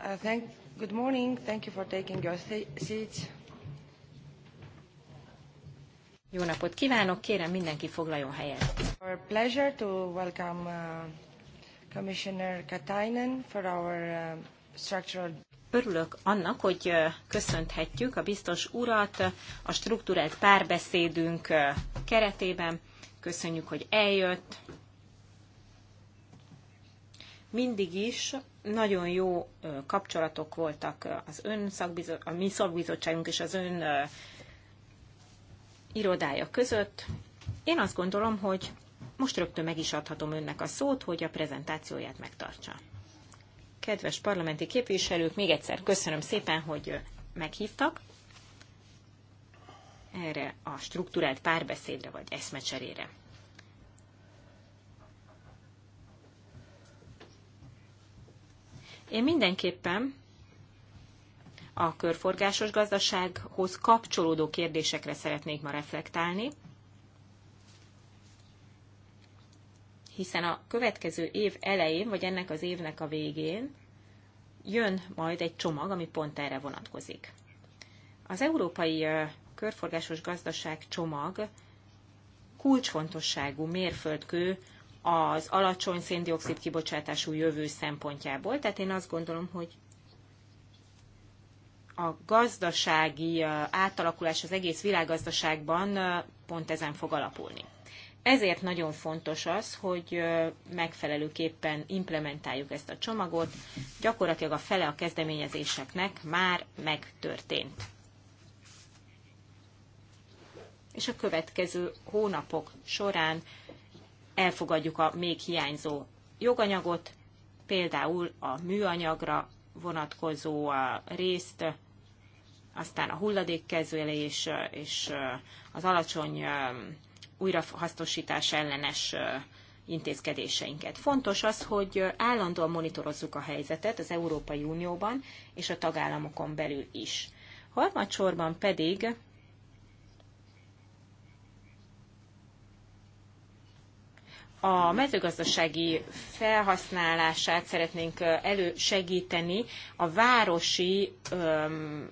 Uh, good morning. Thank you for taking your seats. Jó napot kívánok, kérem mindenki foglaljon helyet. Our pleasure to welcome uh, Commissioner Katainen for our uh, structural Örülök annak, hogy köszönthetjük a biztos urat a struktúrált párbeszédünk keretében. Köszönjük, hogy eljött. Mindig is nagyon jó kapcsolatok voltak az ön a mi szakbizottságunk és az ön irodája között. Én azt gondolom, hogy most rögtön meg is adhatom önnek a szót, hogy a prezentációját megtartsa. Kedves parlamenti képviselők, még egyszer köszönöm szépen, hogy meghívtak erre a struktúrált párbeszédre vagy eszmecserére. Én mindenképpen a körforgásos gazdasághoz kapcsolódó kérdésekre szeretnék ma reflektálni, hiszen a következő év elején, vagy ennek az évnek a végén jön majd egy csomag, ami pont erre vonatkozik. Az európai körforgásos gazdaság csomag kulcsfontosságú mérföldkő az alacsony széndiokszid kibocsátású jövő szempontjából. Tehát én azt gondolom, hogy a gazdasági átalakulás az egész világgazdaságban pont ezen fog alapulni. Ezért nagyon fontos az, hogy megfelelőképpen implementáljuk ezt a csomagot. Gyakorlatilag a fele a kezdeményezéseknek már megtörtént. És a következő hónapok során elfogadjuk a még hiányzó joganyagot, például a műanyagra vonatkozó részt, aztán a hulladékkezelés és az alacsony újrahasznosítás ellenes intézkedéseinket. Fontos az, hogy állandóan monitorozzuk a helyzetet az Európai Unióban és a tagállamokon belül is. Harmadsorban pedig a mezőgazdasági felhasználását szeretnénk elősegíteni a városi öm,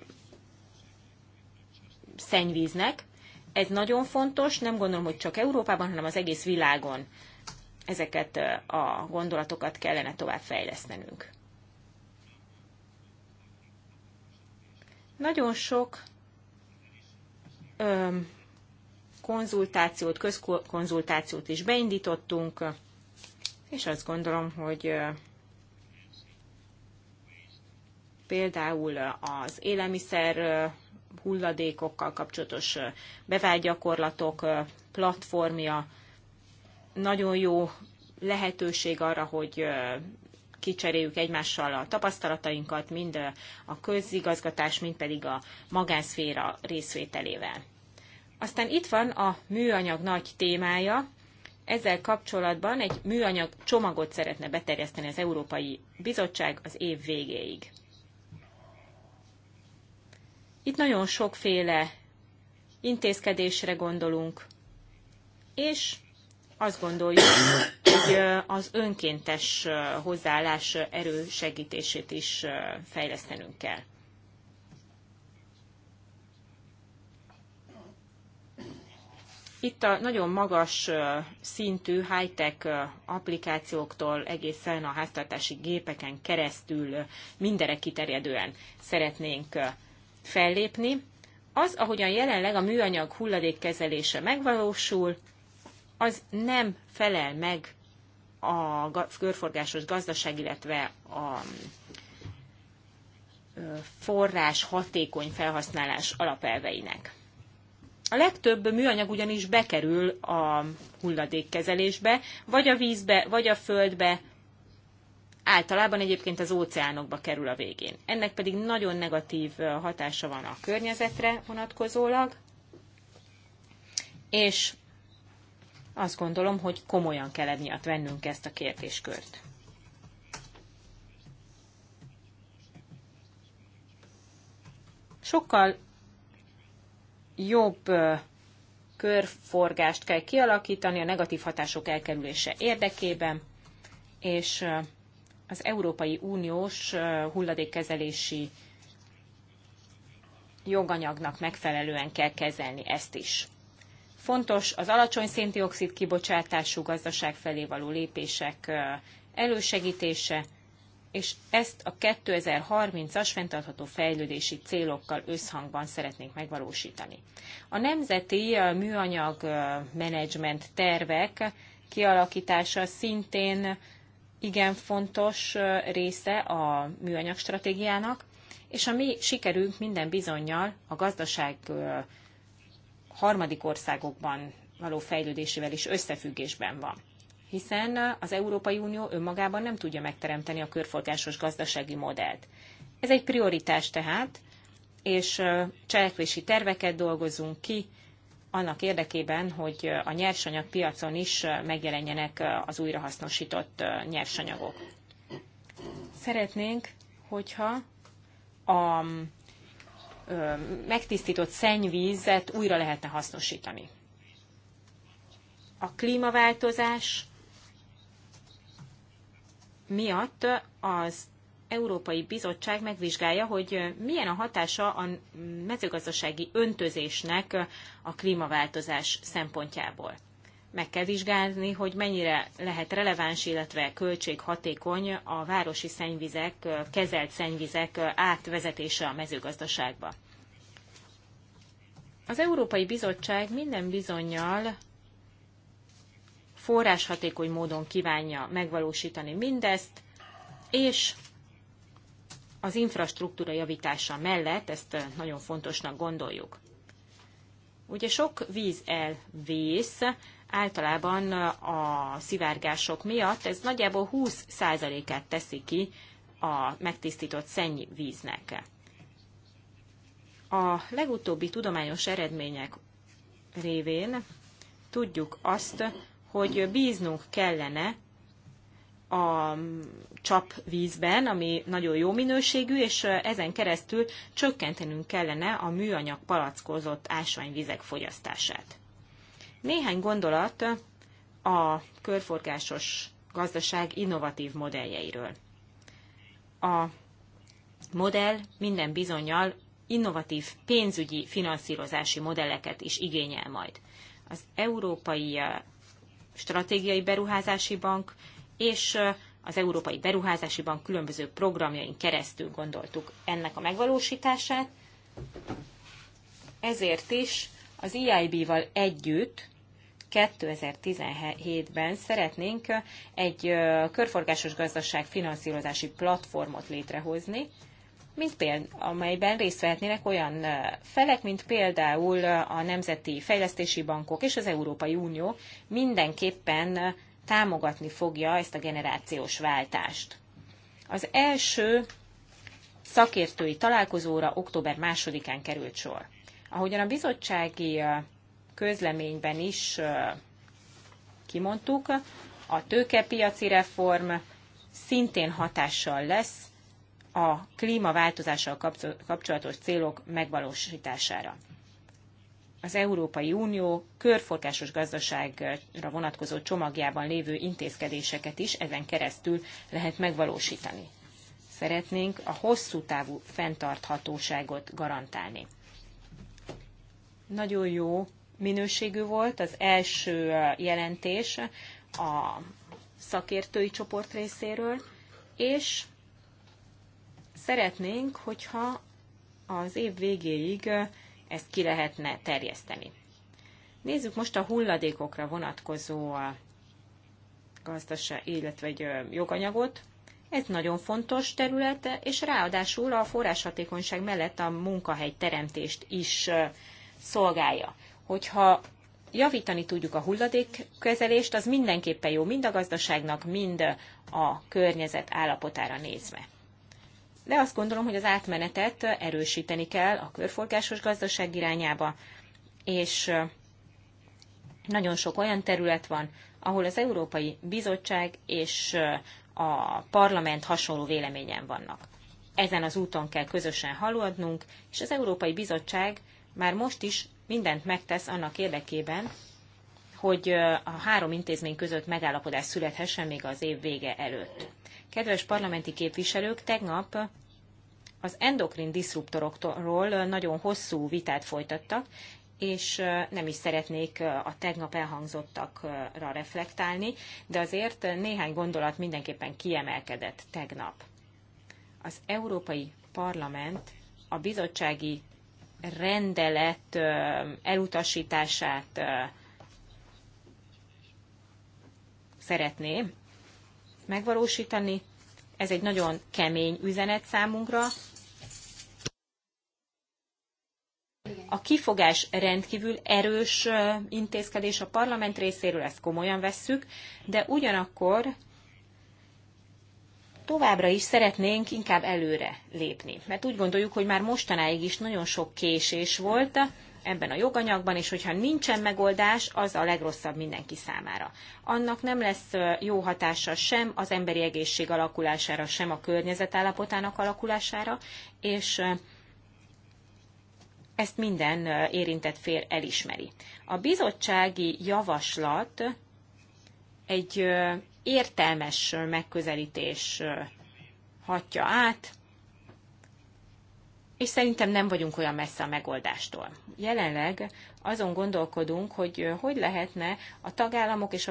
szennyvíznek. Ez nagyon fontos, nem gondolom, hogy csak Európában, hanem az egész világon ezeket a gondolatokat kellene tovább fejlesztenünk. Nagyon sok öm, konzultációt, közkonzultációt is beindítottunk, és azt gondolom, hogy például az élelmiszer hulladékokkal kapcsolatos bevágyakorlatok platformja nagyon jó lehetőség arra, hogy kicseréljük egymással a tapasztalatainkat, mind a közigazgatás, mind pedig a magánszféra részvételével. Aztán itt van a műanyag nagy témája. Ezzel kapcsolatban egy műanyag csomagot szeretne beterjeszteni az Európai Bizottság az év végéig. Itt nagyon sokféle intézkedésre gondolunk, és azt gondoljuk, hogy az önkéntes hozzáállás erősegítését is fejlesztenünk kell. itt a nagyon magas szintű high-tech applikációktól egészen a háztartási gépeken keresztül mindenre kiterjedően szeretnénk fellépni. Az, ahogyan jelenleg a műanyag hulladékkezelése megvalósul, az nem felel meg a körforgásos gazdaság, illetve a forrás hatékony felhasználás alapelveinek. A legtöbb műanyag ugyanis bekerül a hulladékkezelésbe, vagy a vízbe, vagy a földbe, általában egyébként az óceánokba kerül a végén. Ennek pedig nagyon negatív hatása van a környezetre vonatkozólag, és azt gondolom, hogy komolyan kell emiatt vennünk ezt a kérdéskört. Sokkal jobb körforgást kell kialakítani a negatív hatások elkerülése érdekében, és az Európai Uniós hulladékkezelési joganyagnak megfelelően kell kezelni ezt is. Fontos az alacsony széndiokszid kibocsátású gazdaság felé való lépések elősegítése, és ezt a 2030-as fenntartható fejlődési célokkal összhangban szeretnénk megvalósítani. A nemzeti műanyag menedzsment tervek kialakítása szintén igen fontos része a műanyag stratégiának, és a mi sikerünk minden bizonyal a gazdaság harmadik országokban való fejlődésével is összefüggésben van hiszen az Európai Unió önmagában nem tudja megteremteni a körforgásos gazdasági modellt. Ez egy prioritás tehát, és cselekvési terveket dolgozunk ki annak érdekében, hogy a nyersanyagpiacon is megjelenjenek az újrahasznosított nyersanyagok. Szeretnénk, hogyha a megtisztított szennyvízet újra lehetne hasznosítani. A klímaváltozás miatt az Európai Bizottság megvizsgálja, hogy milyen a hatása a mezőgazdasági öntözésnek a klímaváltozás szempontjából. Meg kell vizsgálni, hogy mennyire lehet releváns, illetve költséghatékony a városi szennyvizek, kezelt szennyvizek átvezetése a mezőgazdaságba. Az Európai Bizottság minden bizonyal forráshatékony módon kívánja megvalósítani mindezt, és az infrastruktúra javítása mellett ezt nagyon fontosnak gondoljuk. Ugye sok víz elvész, általában a szivárgások miatt ez nagyjából 20%-át teszi ki a megtisztított szennyvíznek. A legutóbbi tudományos eredmények révén tudjuk azt, hogy bíznunk kellene a csapvízben, ami nagyon jó minőségű, és ezen keresztül csökkentenünk kellene a műanyag palackozott ásványvizek fogyasztását. Néhány gondolat a körforgásos gazdaság innovatív modelljeiről. A modell minden bizonyal innovatív pénzügyi finanszírozási modelleket is igényel majd. Az európai Stratégiai Beruházási Bank és az Európai Beruházási Bank különböző programjain keresztül gondoltuk ennek a megvalósítását. Ezért is az EIB-val együtt 2017-ben szeretnénk egy körforgásos gazdaság finanszírozási platformot létrehozni, mint péld, amelyben részt vehetnének olyan felek, mint például a Nemzeti Fejlesztési Bankok és az Európai Unió mindenképpen támogatni fogja ezt a generációs váltást. Az első szakértői találkozóra október 2-án került sor. Ahogyan a bizottsági közleményben is kimondtuk, a tőkepiaci reform szintén hatással lesz a klímaváltozással kapcsolatos célok megvalósítására. Az Európai Unió körforgásos gazdaságra vonatkozó csomagjában lévő intézkedéseket is ezen keresztül lehet megvalósítani. Szeretnénk a hosszú távú fenntarthatóságot garantálni. Nagyon jó minőségű volt az első jelentés a szakértői csoport részéről, és Szeretnénk, hogyha az év végéig ezt ki lehetne terjeszteni. Nézzük most a hulladékokra vonatkozó gazdaság, illetve egy joganyagot. Ez nagyon fontos terület, és ráadásul a forráshatékonyság mellett a munkahely teremtést is szolgálja. Hogyha javítani tudjuk a hulladékkezelést, az mindenképpen jó mind a gazdaságnak, mind a környezet állapotára nézve de azt gondolom, hogy az átmenetet erősíteni kell a körforgásos gazdaság irányába, és nagyon sok olyan terület van, ahol az Európai Bizottság és a parlament hasonló véleményen vannak. Ezen az úton kell közösen haladnunk, és az Európai Bizottság már most is mindent megtesz annak érdekében, hogy a három intézmény között megállapodás születhessen még az év vége előtt. Kedves parlamenti képviselők, tegnap az endokrin diszruptorokról nagyon hosszú vitát folytattak, és nem is szeretnék a tegnap elhangzottakra reflektálni, de azért néhány gondolat mindenképpen kiemelkedett tegnap. Az Európai Parlament a bizottsági rendelet elutasítását szeretné, megvalósítani. Ez egy nagyon kemény üzenet számunkra. A kifogás rendkívül erős intézkedés a parlament részéről, ezt komolyan vesszük, de ugyanakkor továbbra is szeretnénk inkább előre lépni, mert úgy gondoljuk, hogy már mostanáig is nagyon sok késés volt, ebben a joganyagban, és hogyha nincsen megoldás, az a legrosszabb mindenki számára. Annak nem lesz jó hatása sem az emberi egészség alakulására, sem a környezet állapotának alakulására, és ezt minden érintett fél elismeri. A bizottsági javaslat egy értelmes megközelítés hatja át, és szerintem nem vagyunk olyan messze a megoldástól. Jelenleg azon gondolkodunk, hogy hogy lehetne a tagállamok és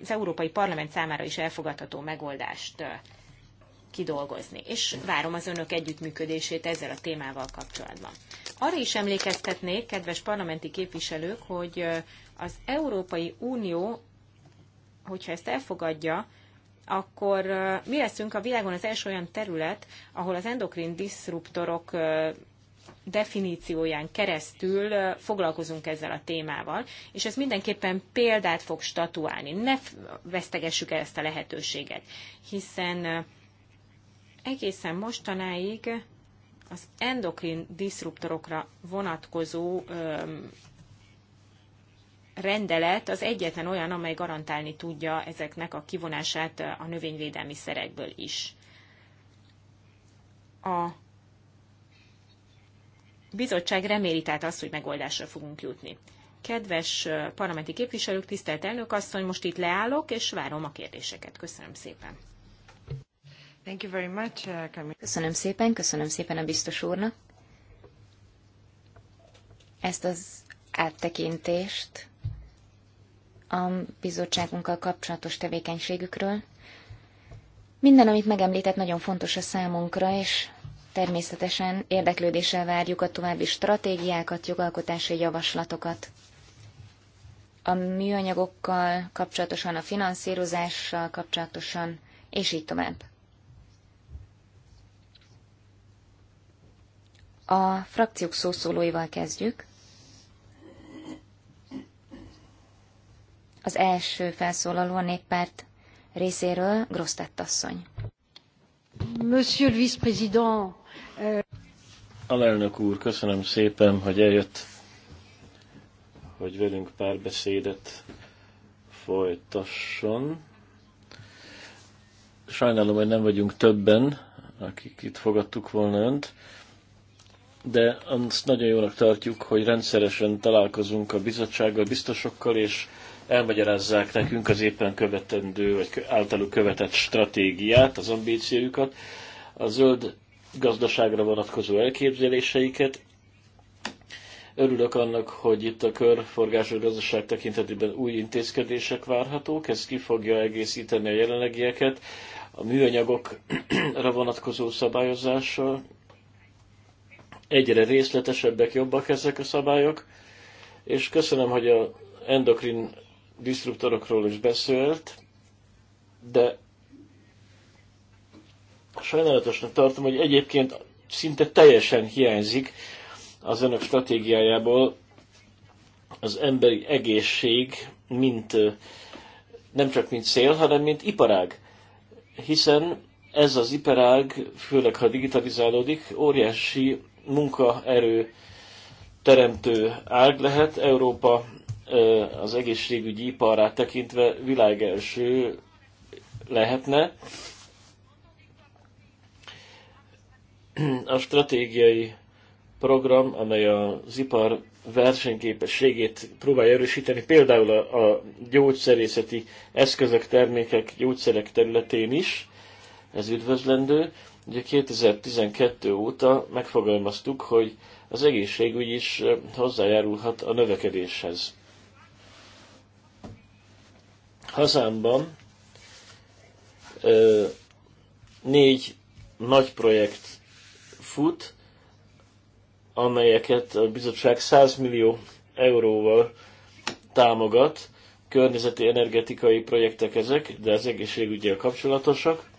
az Európai Parlament számára is elfogadható megoldást kidolgozni. És várom az önök együttműködését ezzel a témával kapcsolatban. Arra is emlékeztetnék, kedves parlamenti képviselők, hogy az Európai Unió, hogyha ezt elfogadja, akkor mi leszünk a világon az első olyan terület, ahol az endokrin diszruptorok definícióján keresztül foglalkozunk ezzel a témával, és ez mindenképpen példát fog statuálni. Ne vesztegessük el ezt a lehetőséget, hiszen egészen mostanáig az endokrin diszruptorokra vonatkozó rendelet az egyetlen olyan, amely garantálni tudja ezeknek a kivonását eh, a növényvédelmi szerekből is. A bizottság reméli tehát azt, hogy megoldásra fogunk jutni. Kedves eh, parlamenti képviselők, tisztelt elnök asszony, most itt leállok, és várom a kérdéseket. Köszönöm szépen. Thank you very much, uh, köszönöm szépen, köszönöm szépen a biztos úrnak. Ezt az áttekintést a bizottságunkkal kapcsolatos tevékenységükről. Minden, amit megemlített, nagyon fontos a számunkra, és természetesen érdeklődéssel várjuk a további stratégiákat, jogalkotási javaslatokat. A műanyagokkal kapcsolatosan, a finanszírozással kapcsolatosan, és így tovább. A frakciók szószólóival kezdjük. Az első felszólaló a néppárt részéről Grosztett asszony. Monsieur le vice-président. Alelnök úr, köszönöm szépen, hogy eljött, hogy velünk párbeszédet folytasson. Sajnálom, hogy nem vagyunk többen, akik itt fogadtuk volna önt, de azt nagyon jónak tartjuk, hogy rendszeresen találkozunk a bizottsággal, biztosokkal, és elmagyarázzák nekünk az éppen követendő, vagy általuk követett stratégiát, az ambíciójukat, a zöld gazdaságra vonatkozó elképzeléseiket. Örülök annak, hogy itt a körforgásos gazdaság tekintetében új intézkedések várhatók, ez ki fogja egészíteni a jelenlegieket, a műanyagokra vonatkozó szabályozással. Egyre részletesebbek, jobbak ezek a szabályok, és köszönöm, hogy a endokrin disruptorokról is beszélt, de sajnálatosnak tartom, hogy egyébként szinte teljesen hiányzik az önök stratégiájából az emberi egészség, mint nem csak mint cél, hanem mint iparág. Hiszen ez az iparág, főleg ha digitalizálódik, óriási munkaerő teremtő ág lehet. Európa az egészségügyi iparát tekintve világelső lehetne. A stratégiai program, amely az ipar versenyképességét próbálja erősíteni, például a, a gyógyszerészeti eszközök, termékek, gyógyszerek területén is, ez üdvözlendő. Ugye 2012 óta megfogalmaztuk, hogy az egészségügy is hozzájárulhat a növekedéshez. Hazámban ö, négy nagy projekt fut, amelyeket a bizottság 100 millió euróval támogat. Környezeti energetikai projektek ezek, de az egészségügyel kapcsolatosak.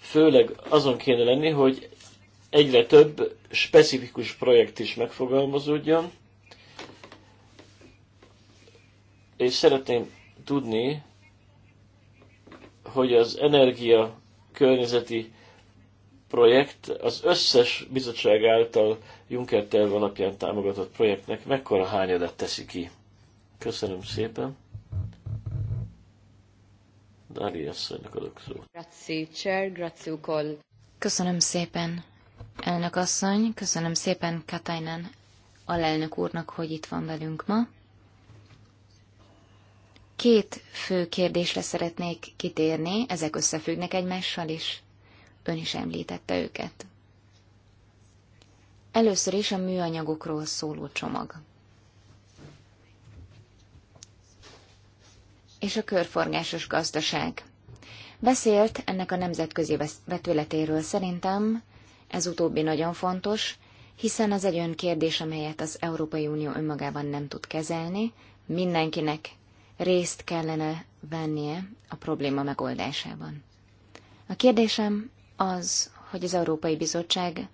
Főleg azon kéne lenni, hogy egyre több specifikus projekt is megfogalmazódjon, és szeretném tudni, hogy az energia környezeti projekt az összes bizottság által Juncker terv alapján támogatott projektnek mekkora hányadat teszi ki. Köszönöm szépen. Dália asszonynak adok szót. Grazie, chair, grazie Köszönöm szépen, elnök asszony, köszönöm szépen Katainen alelnök úrnak, hogy itt van velünk ma. Két fő kérdésre szeretnék kitérni, ezek összefüggnek egymással is. Ön is említette őket. Először is a műanyagokról szóló csomag. És a körforgásos gazdaság. Beszélt ennek a nemzetközi vetületéről szerintem, ez utóbbi nagyon fontos, hiszen ez egy olyan kérdés, amelyet az Európai Unió önmagában nem tud kezelni, mindenkinek részt kellene vennie a probléma megoldásában. A kérdésem az, hogy az Európai Bizottság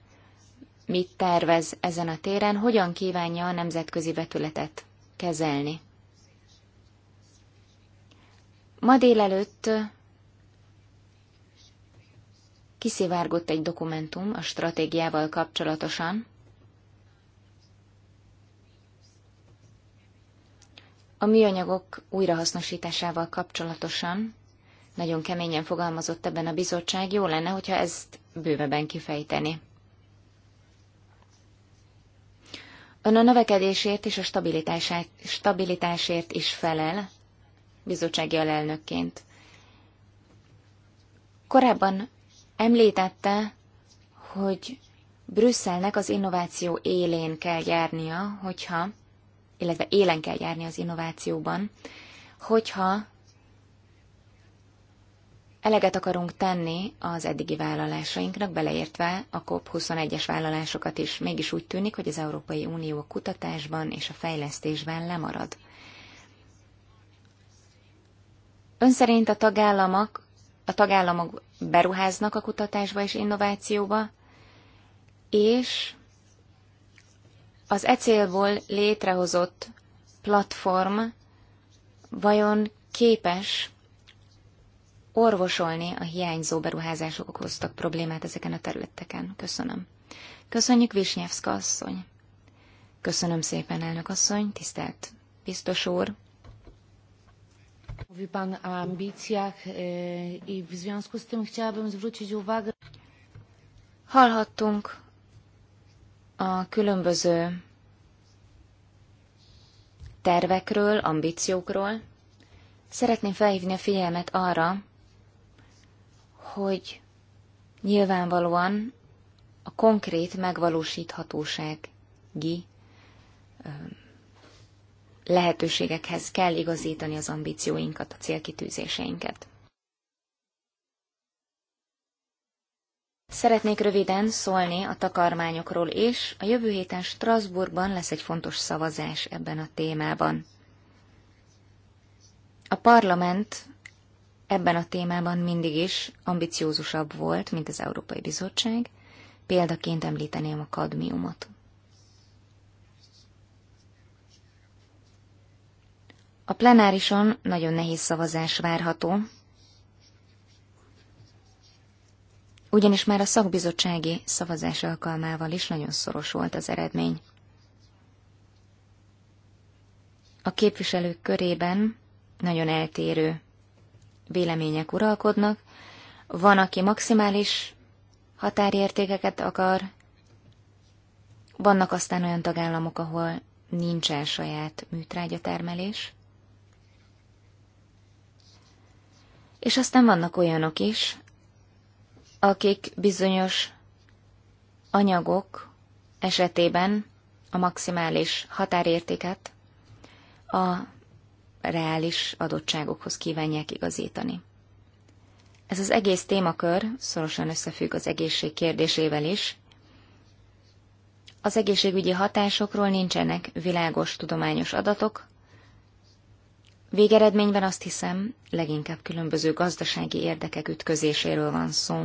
mit tervez ezen a téren, hogyan kívánja a nemzetközi vetületet kezelni. Ma délelőtt kiszivárgott egy dokumentum a stratégiával kapcsolatosan, A műanyagok újrahasznosításával kapcsolatosan nagyon keményen fogalmazott ebben a bizottság, jó lenne, hogyha ezt bővebben kifejteni. Ön a növekedésért és a stabilitásért is felel, bizottsági alelnökként. Korábban említette, hogy Brüsszelnek az innováció élén kell járnia, hogyha illetve élen kell járni az innovációban, hogyha eleget akarunk tenni az eddigi vállalásainknak, beleértve a COP21-es vállalásokat is. Mégis úgy tűnik, hogy az Európai Unió a kutatásban és a fejlesztésben lemarad. Ön szerint a tagállamok, a tagállamok beruháznak a kutatásba és innovációba, és az e célból létrehozott platform vajon képes orvosolni a hiányzó beruházások okoztak problémát ezeken a területeken. Köszönöm. Köszönjük, Visnyevszka asszony. Köszönöm szépen, elnök asszony, tisztelt biztos úr. Mówi pan o ambicjach e, i w związku z tym chciałabym zwrócić uwagę. Hallhattunk a különböző tervekről, ambíciókról, szeretném felhívni a figyelmet arra, hogy nyilvánvalóan a konkrét megvalósíthatósági lehetőségekhez kell igazítani az ambícióinkat, a célkitűzéseinket. Szeretnék röviden szólni a takarmányokról is. A jövő héten Strasbourgban lesz egy fontos szavazás ebben a témában. A parlament ebben a témában mindig is ambiciózusabb volt, mint az Európai Bizottság. Példaként említeném a kadmiumot. A plenárison nagyon nehéz szavazás várható, ugyanis már a szakbizottsági szavazás alkalmával is nagyon szoros volt az eredmény. A képviselők körében nagyon eltérő vélemények uralkodnak, van, aki maximális határértékeket akar, vannak aztán olyan tagállamok, ahol nincsen saját műtrágyatermelés, és aztán vannak olyanok is, akik bizonyos anyagok esetében a maximális határértéket a reális adottságokhoz kívánják igazítani. Ez az egész témakör szorosan összefügg az egészség kérdésével is. Az egészségügyi hatásokról nincsenek világos tudományos adatok. Végeredményben azt hiszem, leginkább különböző gazdasági érdekek ütközéséről van szó.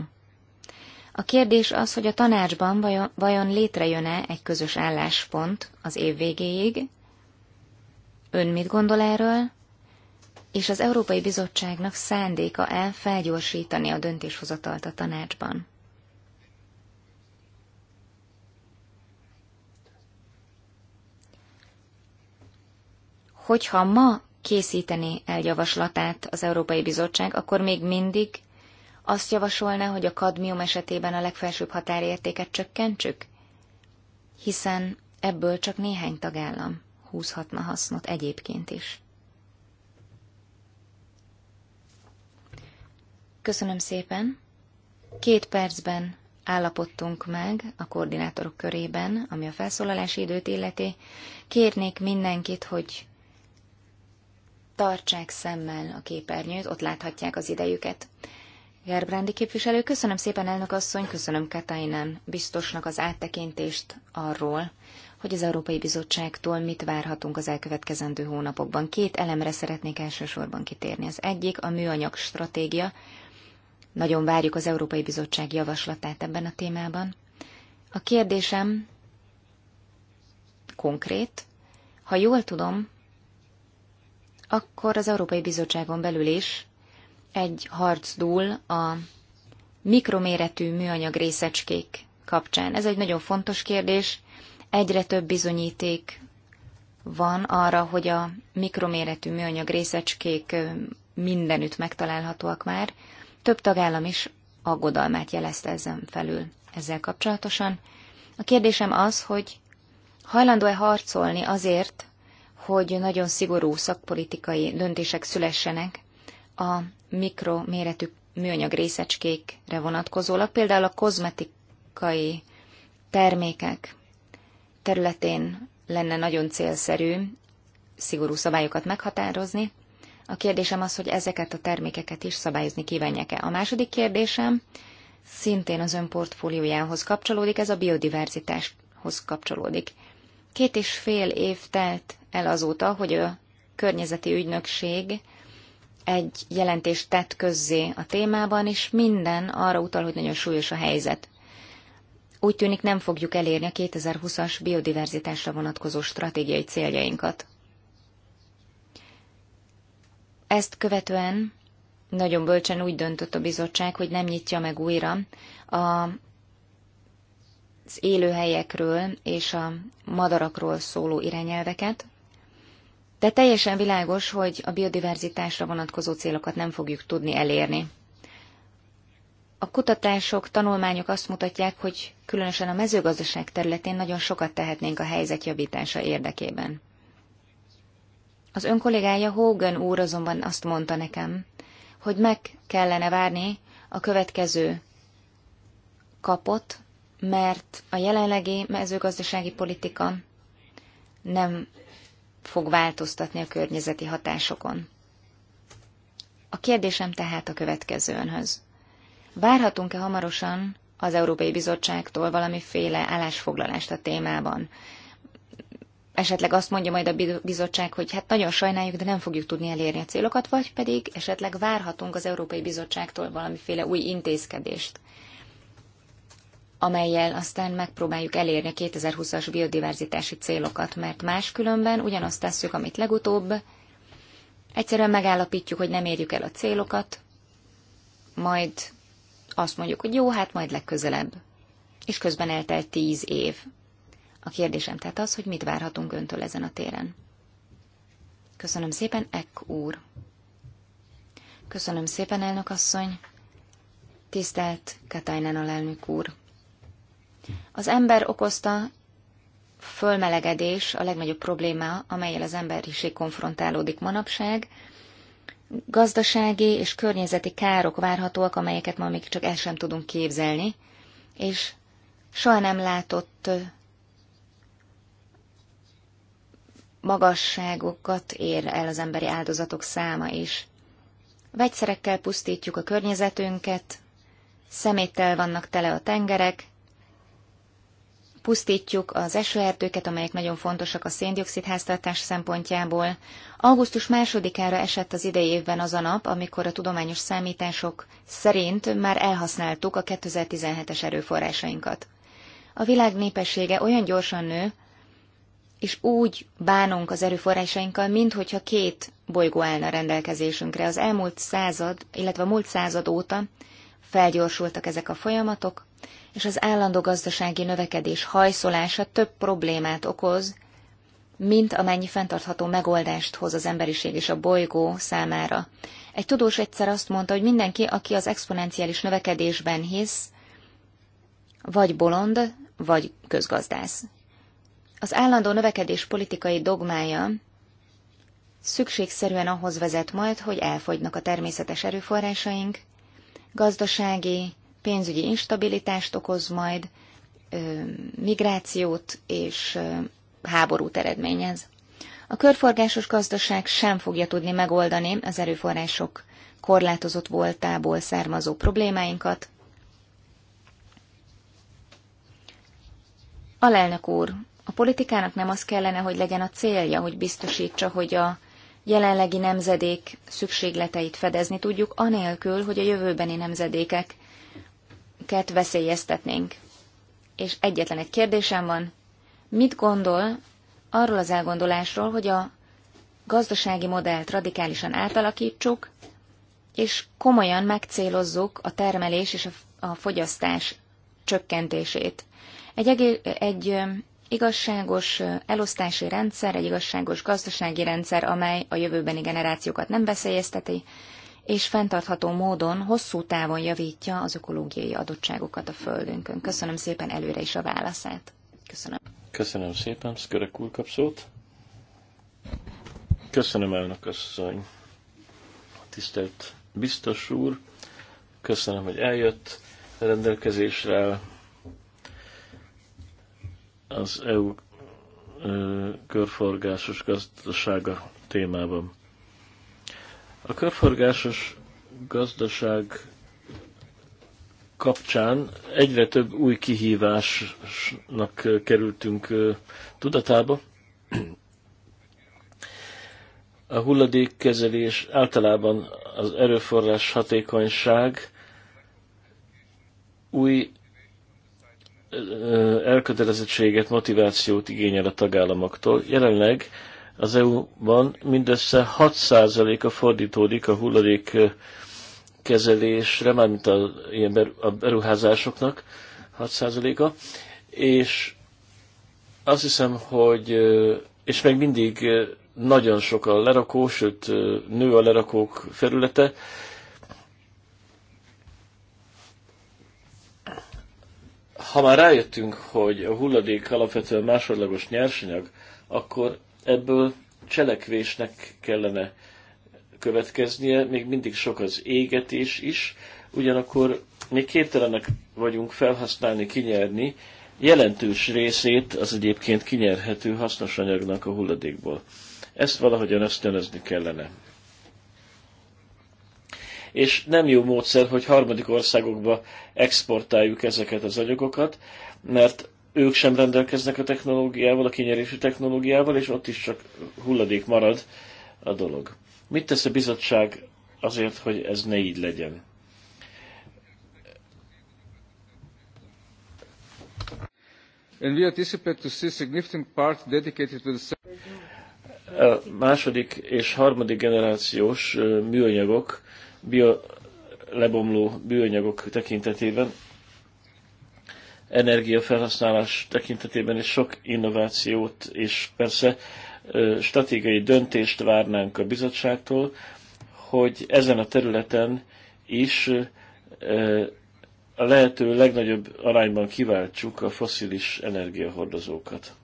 A kérdés az, hogy a tanácsban vajon, vajon létrejön-e egy közös álláspont az év végéig. Ön mit gondol erről? És az Európai Bizottságnak szándéka-e felgyorsítani a döntéshozatalt a tanácsban? Hogyha ma készíteni el javaslatát az Európai Bizottság, akkor még mindig azt javasolná, hogy a kadmium esetében a legfelsőbb határértéket csökkentsük? Hiszen ebből csak néhány tagállam húzhatna hasznot egyébként is. Köszönöm szépen. Két percben állapodtunk meg a koordinátorok körében, ami a felszólalási időt illeti. Kérnék mindenkit, hogy tartsák szemmel a képernyőt, ott láthatják az idejüket. Gerbrándi képviselő, köszönöm szépen elnök asszony, köszönöm Katainen biztosnak az áttekintést arról, hogy az Európai Bizottságtól mit várhatunk az elkövetkezendő hónapokban. Két elemre szeretnék elsősorban kitérni. Az egyik a műanyag stratégia. Nagyon várjuk az Európai Bizottság javaslatát ebben a témában. A kérdésem konkrét. Ha jól tudom, akkor az Európai Bizottságon belül is egy harc dúl a mikroméretű műanyag részecskék kapcsán. Ez egy nagyon fontos kérdés. Egyre több bizonyíték van arra, hogy a mikroméretű műanyag részecskék mindenütt megtalálhatóak már. Több tagállam is aggodalmát jelezte ezen felül ezzel kapcsolatosan. A kérdésem az, hogy hajlandó-e harcolni azért, hogy nagyon szigorú szakpolitikai döntések szülessenek a mikroméretű műanyag részecskékre vonatkozólag, például a kozmetikai termékek területén lenne nagyon célszerű szigorú szabályokat meghatározni. A kérdésem az, hogy ezeket a termékeket is szabályozni kívánják-e. A második kérdésem szintén az ön portfóliójához kapcsolódik, ez a biodiverzitáshoz kapcsolódik. Két és fél év telt el azóta, hogy a környezeti ügynökség egy jelentést tett közzé a témában, és minden arra utal, hogy nagyon súlyos a helyzet. Úgy tűnik nem fogjuk elérni a 2020-as biodiverzitásra vonatkozó stratégiai céljainkat. Ezt követően nagyon bölcsen úgy döntött a bizottság, hogy nem nyitja meg újra a, az élőhelyekről és a madarakról szóló irányelveket, de teljesen világos, hogy a biodiverzitásra vonatkozó célokat nem fogjuk tudni elérni. A kutatások, tanulmányok azt mutatják, hogy különösen a mezőgazdaság területén nagyon sokat tehetnénk a helyzet javítása érdekében. Az önkollégája Hogan úr azonban azt mondta nekem, hogy meg kellene várni a következő kapot, mert a jelenlegi mezőgazdasági politika nem fog változtatni a környezeti hatásokon. A kérdésem tehát a következő önhöz. Várhatunk-e hamarosan az Európai Bizottságtól valamiféle állásfoglalást a témában? Esetleg azt mondja majd a bizottság, hogy hát nagyon sajnáljuk, de nem fogjuk tudni elérni a célokat, vagy pedig esetleg várhatunk az Európai Bizottságtól valamiféle új intézkedést amelyel aztán megpróbáljuk elérni a 2020-as biodiverzitási célokat, mert máskülönben ugyanazt tesszük, amit legutóbb, egyszerűen megállapítjuk, hogy nem érjük el a célokat, majd azt mondjuk, hogy jó, hát majd legközelebb. És közben eltelt tíz év. A kérdésem tehát az, hogy mit várhatunk öntől ezen a téren. Köszönöm szépen, Ek úr. Köszönöm szépen, elnök asszony. Tisztelt Katajnán alelnök úr. Az ember okozta fölmelegedés a legnagyobb probléma, amelyel az emberiség konfrontálódik manapság. Gazdasági és környezeti károk várhatóak, amelyeket ma még csak el sem tudunk képzelni, és soha nem látott magasságokat ér el az emberi áldozatok száma is. Vegyszerekkel pusztítjuk a környezetünket, szeméttel vannak tele a tengerek, pusztítjuk az esőerdőket, amelyek nagyon fontosak a széndiokszid háztartás szempontjából. Augusztus másodikára esett az idei évben az a nap, amikor a tudományos számítások szerint már elhasználtuk a 2017-es erőforrásainkat. A világ népessége olyan gyorsan nő, és úgy bánunk az erőforrásainkkal, minthogyha két bolygó állna rendelkezésünkre. Az elmúlt század, illetve a múlt század óta felgyorsultak ezek a folyamatok, és az állandó gazdasági növekedés hajszolása több problémát okoz, mint amennyi fenntartható megoldást hoz az emberiség és a bolygó számára. Egy tudós egyszer azt mondta, hogy mindenki, aki az exponenciális növekedésben hisz, vagy bolond, vagy közgazdász. Az állandó növekedés politikai dogmája szükségszerűen ahhoz vezet majd, hogy elfogynak a természetes erőforrásaink, gazdasági, pénzügyi instabilitást okoz majd, migrációt és háborút eredményez. A körforgásos gazdaság sem fogja tudni megoldani az erőforrások korlátozott voltából származó problémáinkat. Alelnök úr, a politikának nem az kellene, hogy legyen a célja, hogy biztosítsa, hogy a jelenlegi nemzedék szükségleteit fedezni tudjuk, anélkül, hogy a jövőbeni nemzedékek őket veszélyeztetnénk. És egyetlen egy kérdésem van. Mit gondol arról az elgondolásról, hogy a gazdasági modellt radikálisan átalakítsuk, és komolyan megcélozzuk a termelés és a fogyasztás csökkentését. Egy, egy, egy igazságos elosztási rendszer, egy igazságos gazdasági rendszer, amely a jövőbeni generációkat nem veszélyezteti, és fenntartható módon hosszú távon javítja az ökológiai adottságokat a Földünkön. Köszönöm szépen előre is a válaszát. Köszönöm. Köszönöm szépen, Szkörek úr kapszót. Köszönöm, elnök asszony. Tisztelt biztos úr, köszönöm, hogy eljött rendelkezésre az EU körforgásos gazdasága témában. A körforgásos gazdaság kapcsán egyre több új kihívásnak kerültünk tudatába. A hulladékkezelés általában az erőforrás hatékonyság új elkötelezettséget, motivációt igényel a tagállamoktól. Jelenleg az EU-ban mindössze 6%-a fordítódik a hulladék kezelésre, mármint a, ilyen beruházásoknak 6%-a, és azt hiszem, hogy és még mindig nagyon sok a lerakó, sőt nő a lerakók felülete. Ha már rájöttünk, hogy a hulladék alapvetően másodlagos nyersanyag, akkor ebből cselekvésnek kellene következnie, még mindig sok az égetés is, ugyanakkor még képtelenek vagyunk felhasználni, kinyerni jelentős részét az egyébként kinyerhető hasznos anyagnak a hulladékból. Ezt valahogyan ösztönözni kellene. És nem jó módszer, hogy harmadik országokba exportáljuk ezeket az anyagokat, mert ők sem rendelkeznek a technológiával, a kinyerésű technológiával, és ott is csak hulladék marad a dolog. Mit tesz a bizottság azért, hogy ez ne így legyen? And we anticipate to see significant part dedicated to the... A második és harmadik generációs műanyagok, bio lebomló műanyagok tekintetében energiafelhasználás tekintetében is sok innovációt és persze stratégiai döntést várnánk a bizottságtól, hogy ezen a területen is a lehető legnagyobb arányban kiváltsuk a foszilis energiahordozókat.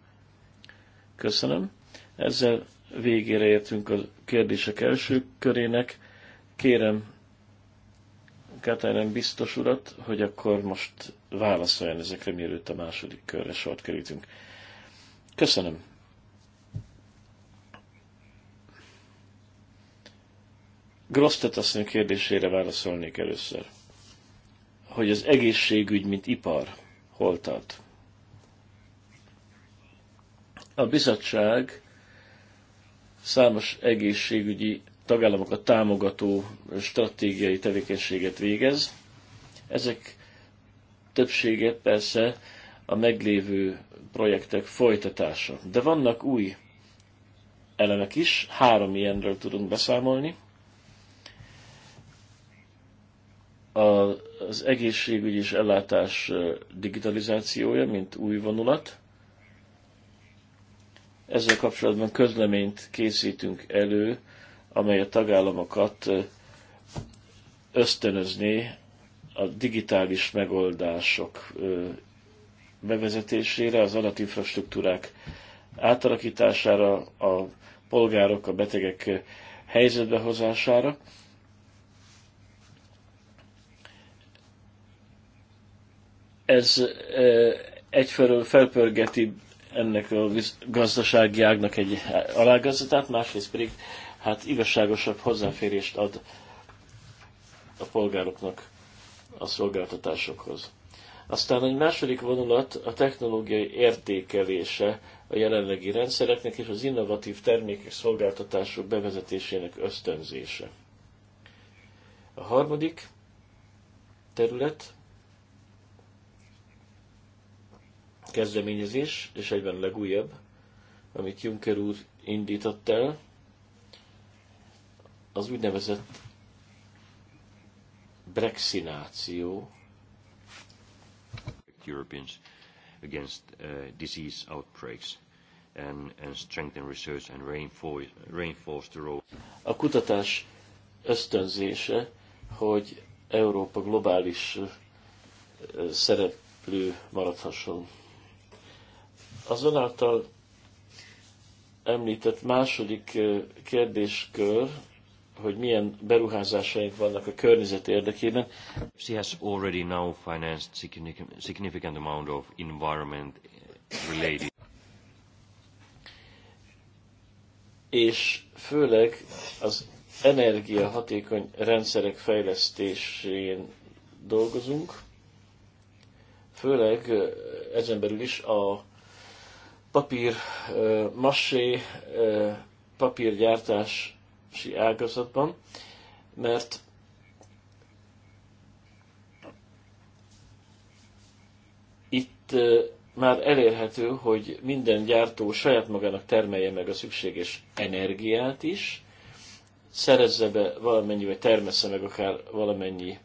Köszönöm. Ezzel végére értünk a kérdések első körének. Kérem Katáren biztos urat, hogy akkor most válaszoljon ezekre, mielőtt a második körre sort kerítünk. Köszönöm. Grosztet asszony kérdésére válaszolnék először, hogy az egészségügy, mint ipar, hol tart. A bizottság számos egészségügyi tagállamokat támogató stratégiai tevékenységet végez. Ezek többsége persze a meglévő projektek folytatása. De vannak új elemek is, három ilyenről tudunk beszámolni. Az egészségügy és ellátás digitalizációja, mint új vonulat. Ezzel kapcsolatban közleményt készítünk elő, amely a tagállamokat ösztönözné a digitális megoldások bevezetésére, az adatinfrastruktúrák átalakítására, a polgárok, a betegek helyzetbehozására. Ez egyfelől felpörgeti ennek a gazdasági ágnak egy alágazatát, másrészt pedig hát igazságosabb hozzáférést ad a polgároknak a szolgáltatásokhoz. Aztán egy második vonulat a technológiai értékelése a jelenlegi rendszereknek és az innovatív termékek szolgáltatások bevezetésének ösztönzése. A harmadik terület kezdeményezés, és egyben legújabb, amit Juncker úr indított el, az úgynevezett brexináció. Europeans against uh, disease outbreaks and, and strengthen research and reinforce, reinforce the role. A kutatás ösztönzése, hogy Európa globális uh, szereplő maradhasson. Azonáltal említett második uh, kérdéskör hogy milyen beruházásaink vannak a környezet érdekében. She has already now financed significant amount of environment related. És főleg az energiahatékony rendszerek fejlesztésén dolgozunk, főleg eh, ezen belül is a papír, uh, papírgyártás si ágazatban, mert itt már elérhető, hogy minden gyártó saját magának termelje meg a szükséges energiát is, szerezze be valamennyi, vagy termesze meg akár valamennyi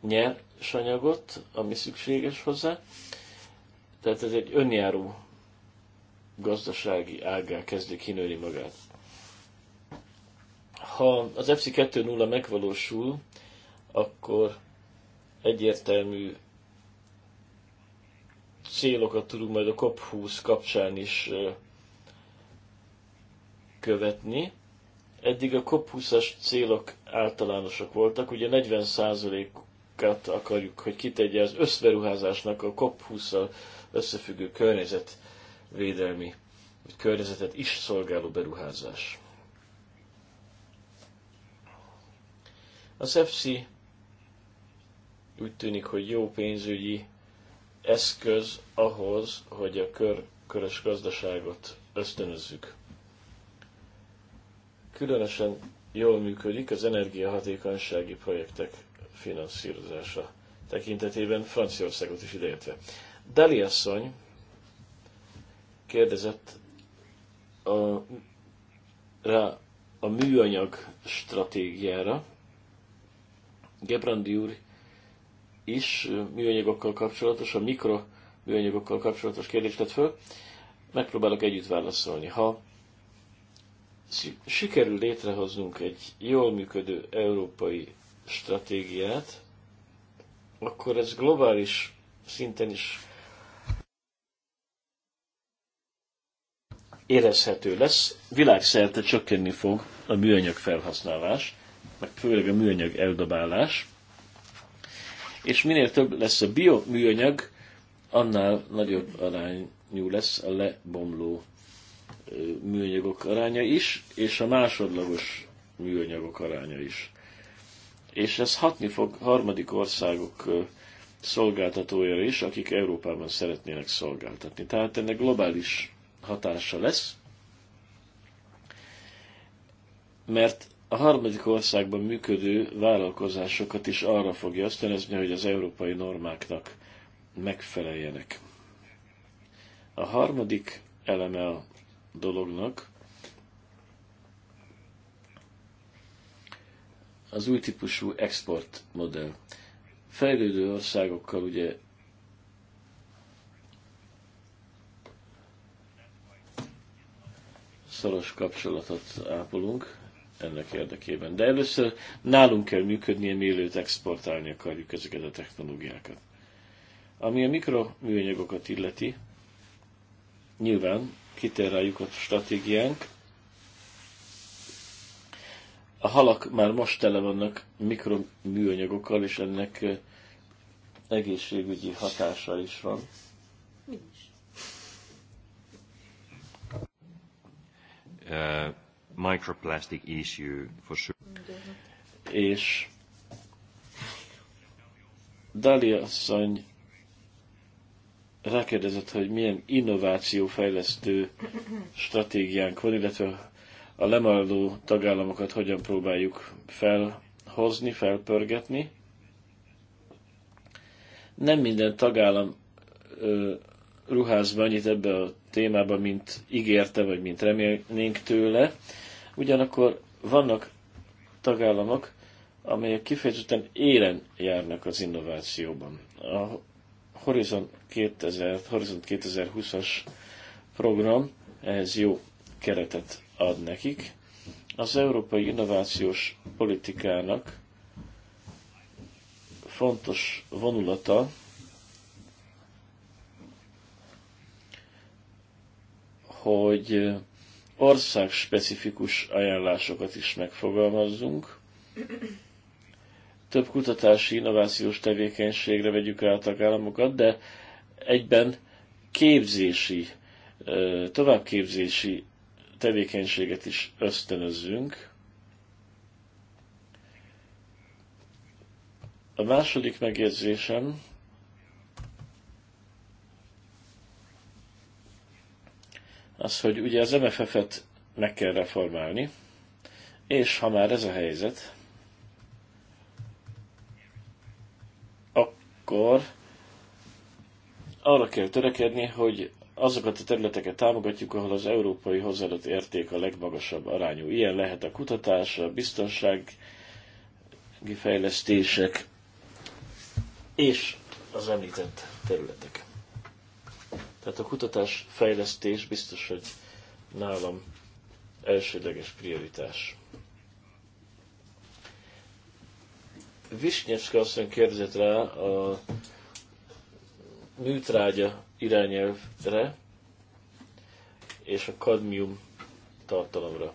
nyersanyagot, ami szükséges hozzá. Tehát ez egy önjáró gazdasági ággá kezdi kinőni magát. Ha az FC 2.0 megvalósul, akkor egyértelmű célokat tudunk majd a COP20 kapcsán is követni. Eddig a COP20-as célok általánosak voltak, ugye 40%-át akarjuk, hogy kitegye az összveruházásnak a cop 20 al összefüggő környezetvédelmi, vagy környezetet is szolgáló beruházás. A SEPSI úgy tűnik, hogy jó pénzügyi eszköz ahhoz, hogy a körös gazdaságot ösztönözzük. Különösen jól működik az energiahatékonysági projektek finanszírozása tekintetében Franciaországot is ideértve. Dali asszony kérdezett a, rá a műanyag stratégiára, Gebrandi úr is műanyagokkal kapcsolatos, a mikro műanyagokkal kapcsolatos kérdést tett föl. Megpróbálok együtt válaszolni. Ha sikerül létrehoznunk egy jól működő európai stratégiát, akkor ez globális szinten is érezhető lesz. Világszerte csökkenni fog a műanyag felhasználás, meg főleg a műanyag eldobálás. És minél több lesz a bioműanyag, annál nagyobb arányú lesz a lebomló műanyagok aránya is, és a másodlagos műanyagok aránya is. És ez hatni fog harmadik országok szolgáltatója is, akik Európában szeretnének szolgáltatni. Tehát ennek globális hatása lesz, mert a harmadik országban működő vállalkozásokat is arra fogja ösztönözni, hogy az európai normáknak megfeleljenek. A harmadik eleme a dolognak az új típusú export modell. Fejlődő országokkal ugye szoros kapcsolatot ápolunk, ennek érdekében. De először nálunk kell működnie, mielőtt exportálni akarjuk ezeket a technológiákat. Ami a mikroműanyagokat illeti, nyilván kitér rájuk a stratégiánk. A halak már most tele vannak mikroműanyagokkal, és ennek eh, egészségügyi hatása is van. Mi is. Eh, microplastic issue for sure. És Dali asszony rákérdezett, hogy milyen innovációfejlesztő stratégiánk van, illetve a lemaradó tagállamokat hogyan próbáljuk felhozni, felpörgetni. Nem minden tagállam ö, ruház be annyit ebbe a témába, mint ígérte, vagy mint remélnénk tőle, Ugyanakkor vannak tagállamok, amelyek kifejezetten élen járnak az innovációban. A Horizon 2000, Horizon 2020-as program ehhez jó keretet ad nekik. Az európai innovációs politikának fontos vonulata hogy országspecifikus ajánlásokat is megfogalmazzunk. Több kutatási, innovációs tevékenységre vegyük rá a tagállamokat, de egyben képzési, továbbképzési tevékenységet is ösztönözzünk. A második megjegyzésem az, hogy ugye az MFF-et meg kell reformálni, és ha már ez a helyzet, akkor arra kell törekedni, hogy azokat a területeket támogatjuk, ahol az európai hozzáadott érték a legmagasabb arányú. Ilyen lehet a kutatás, a biztonsági fejlesztések és az említett területek. Tehát a kutatás fejlesztés biztos, hogy nálam elsődleges prioritás. Visnyevska asszony kérdezett rá a műtrágya irányelvre és a kadmium tartalomra.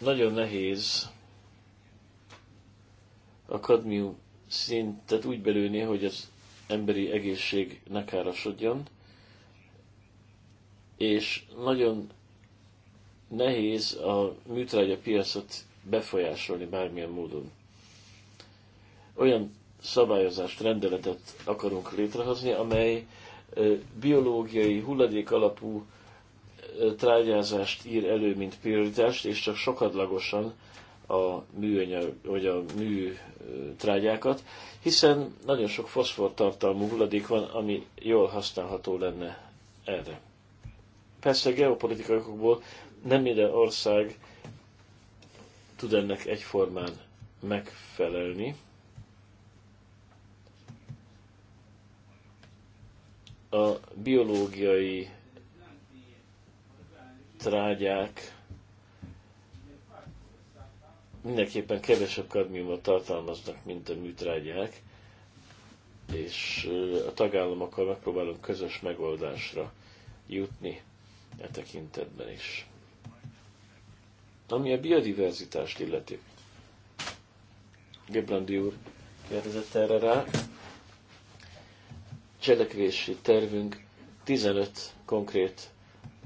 Nagyon nehéz a kadmium szintet úgy belőni, hogy az emberi egészség ne károsodjon, és nagyon nehéz a műtrágya piacot befolyásolni bármilyen módon. Olyan szabályozást, rendeletet akarunk létrehozni, amely biológiai, hulladék alapú trágyázást ír elő, mint prioritást, és csak sokadlagosan a műanyag, vagy a mű trágyákat, hiszen nagyon sok foszfortartalmú hulladék van, ami jól használható lenne erre. Persze geopolitikai okokból nem minden ország tud ennek egyformán megfelelni. A biológiai trágyák mindenképpen kevesebb kadmiumot tartalmaznak, mint a műtrágyák, és a tagállamokkal megpróbálunk közös megoldásra jutni e tekintetben is. Ami a biodiverzitást illeti. Gebrandi úr kérdezett erre rá. Cselekvési tervünk 15 konkrét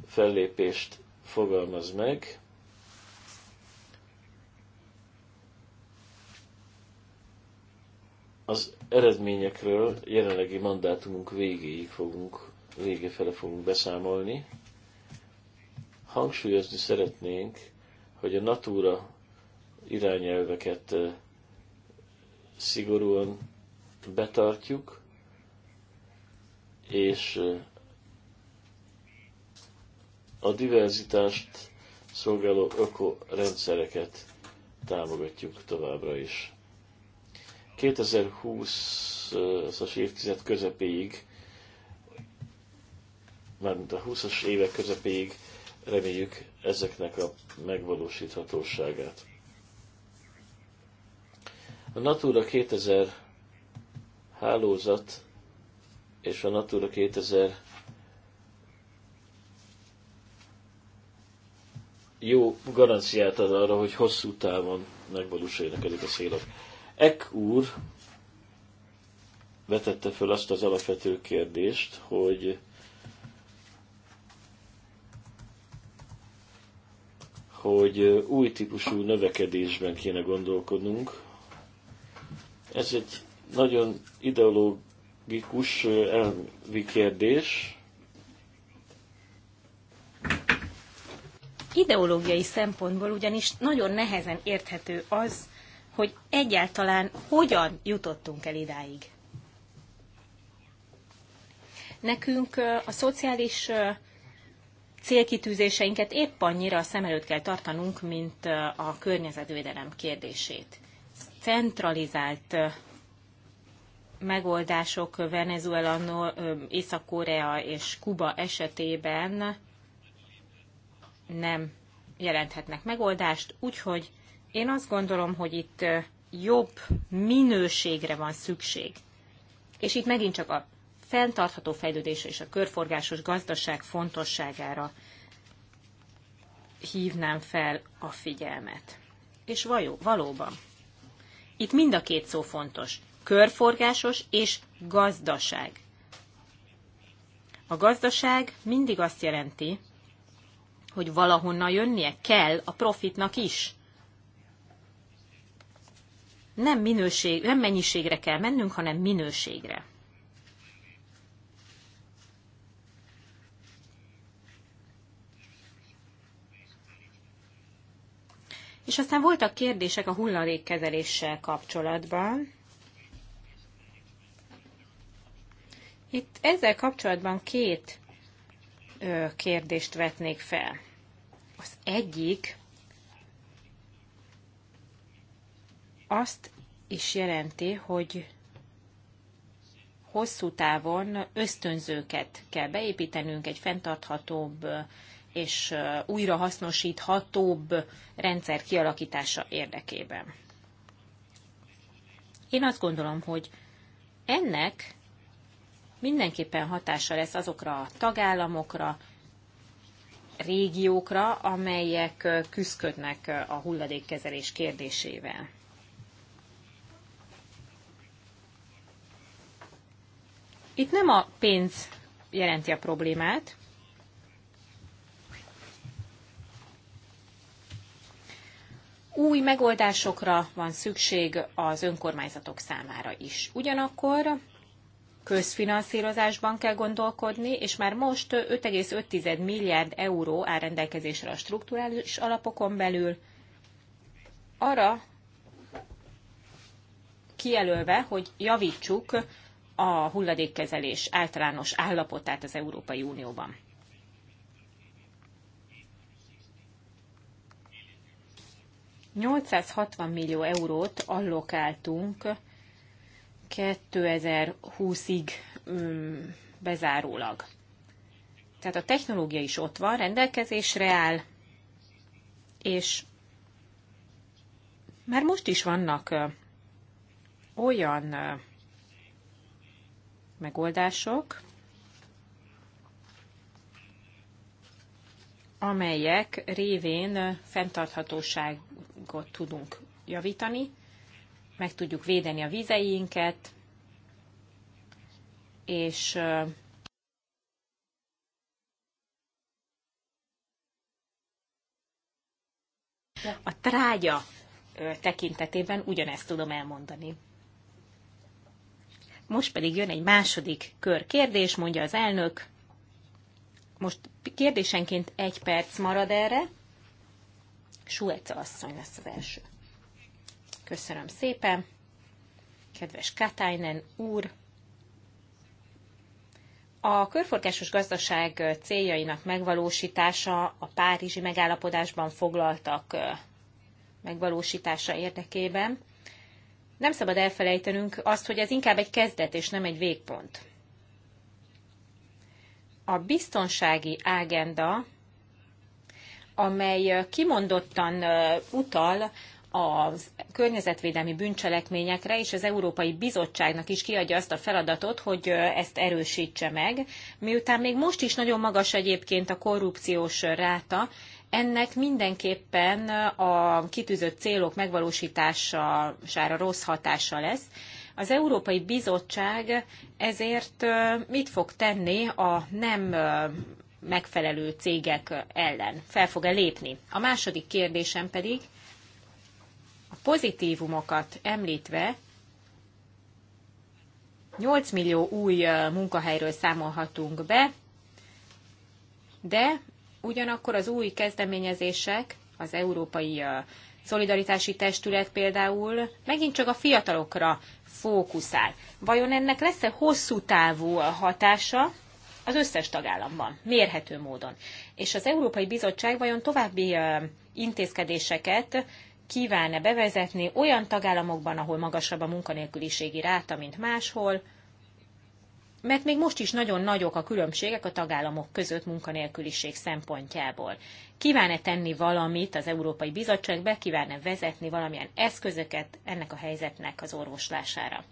fellépést fogalmaz meg, az eredményekről jelenlegi mandátumunk végéig fogunk, vége fele fogunk beszámolni. Hangsúlyozni szeretnénk, hogy a Natura irányelveket szigorúan betartjuk, és a diverzitást szolgáló ökorendszereket támogatjuk továbbra is. 2020-as évtized közepéig, mármint a 20-as évek közepéig reméljük ezeknek a megvalósíthatóságát. A Natura 2000 hálózat és a Natura 2000 jó garanciát ad arra, hogy hosszú távon megvalósuljanak ezek a célok. Ek úr vetette föl azt az alapvető kérdést, hogy hogy új típusú növekedésben kéne gondolkodnunk. Ez egy nagyon ideológikus elvi kérdés. Ideológiai szempontból ugyanis nagyon nehezen érthető az, hogy egyáltalán hogyan jutottunk el idáig. Nekünk a szociális célkitűzéseinket épp annyira szem előtt kell tartanunk, mint a környezetvédelem kérdését. Centralizált megoldások Venezuela, Észak-Korea és Kuba esetében nem jelenthetnek megoldást, úgyhogy én azt gondolom, hogy itt jobb minőségre van szükség. És itt megint csak a fenntartható fejlődés és a körforgásos gazdaság fontosságára hívnám fel a figyelmet. És vajó, valóban. Itt mind a két szó fontos. Körforgásos és gazdaság. A gazdaság mindig azt jelenti, hogy valahonnan jönnie kell a profitnak is nem, minőség, nem mennyiségre kell mennünk, hanem minőségre. És aztán voltak kérdések a hulladékkezeléssel kapcsolatban. Itt ezzel kapcsolatban két ö, kérdést vetnék fel. Az egyik azt is jelenti, hogy hosszú távon ösztönzőket kell beépítenünk egy fenntarthatóbb és újrahasznosíthatóbb rendszer kialakítása érdekében. Én azt gondolom, hogy ennek mindenképpen hatása lesz azokra a tagállamokra, régiókra, amelyek küzdködnek a hulladékkezelés kérdésével. Itt nem a pénz jelenti a problémát, új megoldásokra van szükség az önkormányzatok számára is. Ugyanakkor közfinanszírozásban kell gondolkodni, és már most 5,5 milliárd euró áll rendelkezésre a strukturális alapokon belül, arra kijelölve, hogy javítsuk a hulladékkezelés általános állapotát az Európai Unióban. ...860 millió eurót allokáltunk 2020-ig mm, bezárólag. Tehát a technológia is ott van, rendelkezésre áll, és már most is vannak olyan megoldások, amelyek révén fenntarthatóságot tudunk javítani, meg tudjuk védeni a vizeinket, és a trágya tekintetében ugyanezt tudom elmondani. Most pedig jön egy második kör kérdés, mondja az elnök. Most kérdésenként egy perc marad erre. Sueca asszony lesz az első. Köszönöm szépen. Kedves Katainen úr, a körforgásos gazdaság céljainak megvalósítása a Párizsi megállapodásban foglaltak megvalósítása érdekében nem szabad elfelejtenünk azt, hogy ez inkább egy kezdet és nem egy végpont. A biztonsági ágenda, amely kimondottan utal a környezetvédelmi bűncselekményekre, és az Európai Bizottságnak is kiadja azt a feladatot, hogy ezt erősítse meg, miután még most is nagyon magas egyébként a korrupciós ráta, ennek mindenképpen a kitűzött célok megvalósítására rossz hatása lesz. Az Európai Bizottság ezért mit fog tenni a nem megfelelő cégek ellen? Fel fog-e lépni? A második kérdésem pedig a pozitívumokat említve 8 millió új munkahelyről számolhatunk be, de Ugyanakkor az új kezdeményezések, az Európai Szolidaritási Testület például megint csak a fiatalokra fókuszál. Vajon ennek lesz-e hosszú távú hatása az összes tagállamban, mérhető módon? És az Európai Bizottság vajon további intézkedéseket kíván-e bevezetni olyan tagállamokban, ahol magasabb a munkanélküliségi ráta, mint máshol, mert még most is nagyon nagyok a különbségek a tagállamok között munkanélküliség szempontjából. Kíván-e tenni valamit az Európai Bizottság, be kíván-e vezetni valamilyen eszközöket ennek a helyzetnek az orvoslására?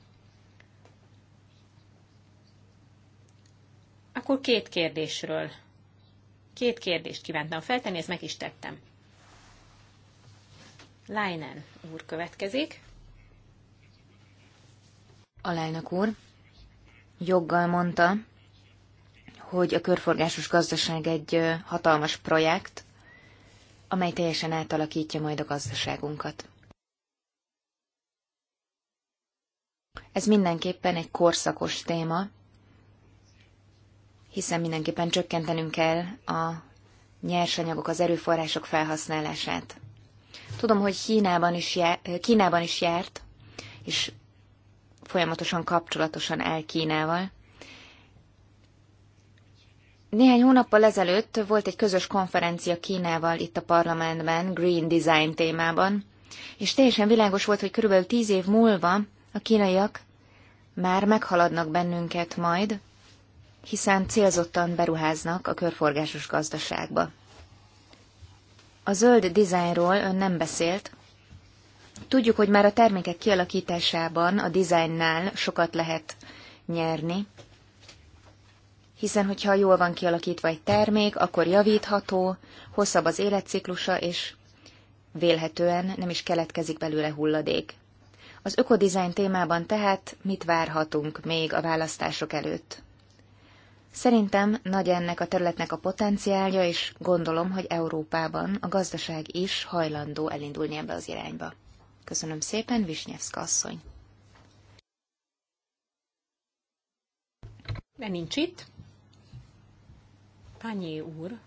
Akkor két kérdésről. Két kérdést kívántam feltenni, ezt meg is tettem. Leinen úr következik. Alelnök úr, joggal mondta, hogy a körforgásos gazdaság egy hatalmas projekt, amely teljesen átalakítja majd a gazdaságunkat. Ez mindenképpen egy korszakos téma, hiszen mindenképpen csökkentenünk kell a nyersanyagok, az erőforrások felhasználását. Tudom, hogy Kínában is, jár, Kínában is járt, és folyamatosan kapcsolatosan el Kínával. Néhány hónappal ezelőtt volt egy közös konferencia Kínával itt a parlamentben, Green Design témában, és teljesen világos volt, hogy körülbelül tíz év múlva a kínaiak már meghaladnak bennünket majd, hiszen célzottan beruháznak a körforgásos gazdaságba. A zöld dizájnról ön nem beszélt, Tudjuk, hogy már a termékek kialakításában, a dizájnnál sokat lehet nyerni, hiszen hogyha jól van kialakítva egy termék, akkor javítható, hosszabb az életciklusa, és vélhetően nem is keletkezik belőle hulladék. Az ökodizájn témában tehát mit várhatunk még a választások előtt? Szerintem nagy ennek a területnek a potenciálja, és gondolom, hogy Európában a gazdaság is hajlandó elindulni ebbe az irányba. Köszönöm szépen, Visnyevszka asszony. De nincs itt. Pányi úr.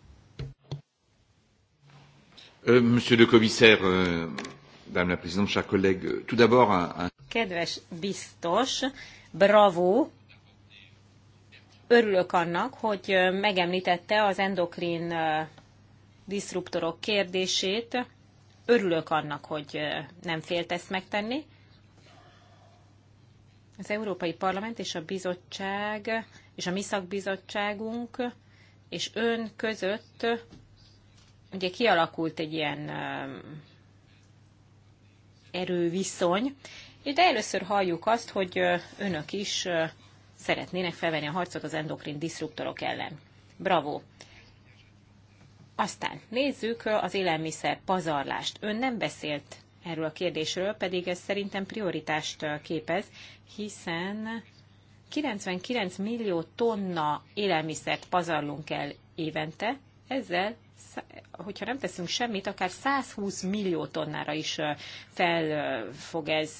Euh, monsieur le commissaire, euh, Madame la Présidente, chers collègues, euh, tout d'abord un... Kedves biztos, bravo! Örülök annak, hogy megemlítette az endokrin diszruptorok kérdését, örülök annak, hogy nem félt ezt megtenni. Az Európai Parlament és a bizottság, és a mi szakbizottságunk, és ön között ugye kialakult egy ilyen erőviszony, de először halljuk azt, hogy önök is szeretnének felvenni a harcot az endokrin diszruptorok ellen. Bravo! Aztán nézzük az élelmiszer pazarlást. Ön nem beszélt erről a kérdésről, pedig ez szerintem prioritást képez, hiszen 99 millió tonna élelmiszert pazarlunk el évente, ezzel hogyha nem teszünk semmit, akár 120 millió tonnára is fel fog ez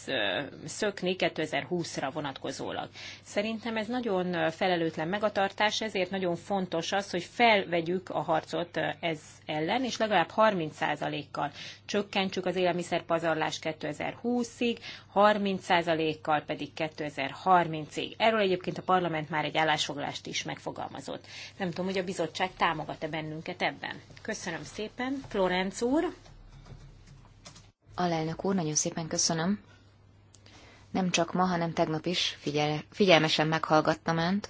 szökni 2020-ra vonatkozólag. Szerintem ez nagyon felelőtlen megatartás, ezért nagyon fontos az, hogy felvegyük a harcot ez ellen, és legalább 30%-kal csökkentsük az élelmiszerpazarlást 2020-ig, 30%-kal pedig 2030-ig. Erről egyébként a parlament már egy állásfoglalást is megfogalmazott. Nem tudom, hogy a bizottság támogat-e bennünket ebben. Köszönöm szépen. Florenc úr. Alelnök úr, nagyon szépen köszönöm. Nem csak ma, hanem tegnap is figyel, figyelmesen meghallgattam önt,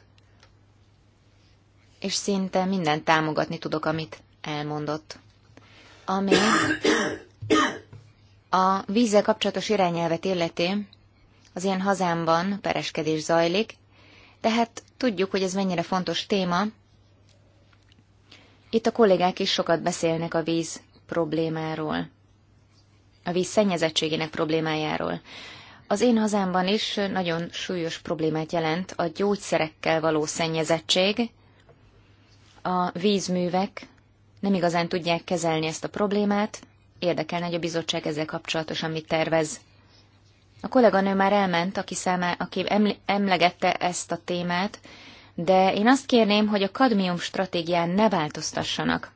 és szinte mindent támogatni tudok, amit elmondott. Ami a vízzel kapcsolatos irányelvet illeti, az én hazámban pereskedés zajlik, tehát tudjuk, hogy ez mennyire fontos téma, itt a kollégák is sokat beszélnek a víz problémáról, a víz szennyezettségének problémájáról. Az én hazámban is nagyon súlyos problémát jelent a gyógyszerekkel való szennyezettség. A vízművek nem igazán tudják kezelni ezt a problémát, érdekelne, hogy a bizottság ezzel kapcsolatosan mit tervez. A kolléganő már elment, aki, számá, aki emlegette ezt a témát, de én azt kérném, hogy a kadmium stratégián ne változtassanak.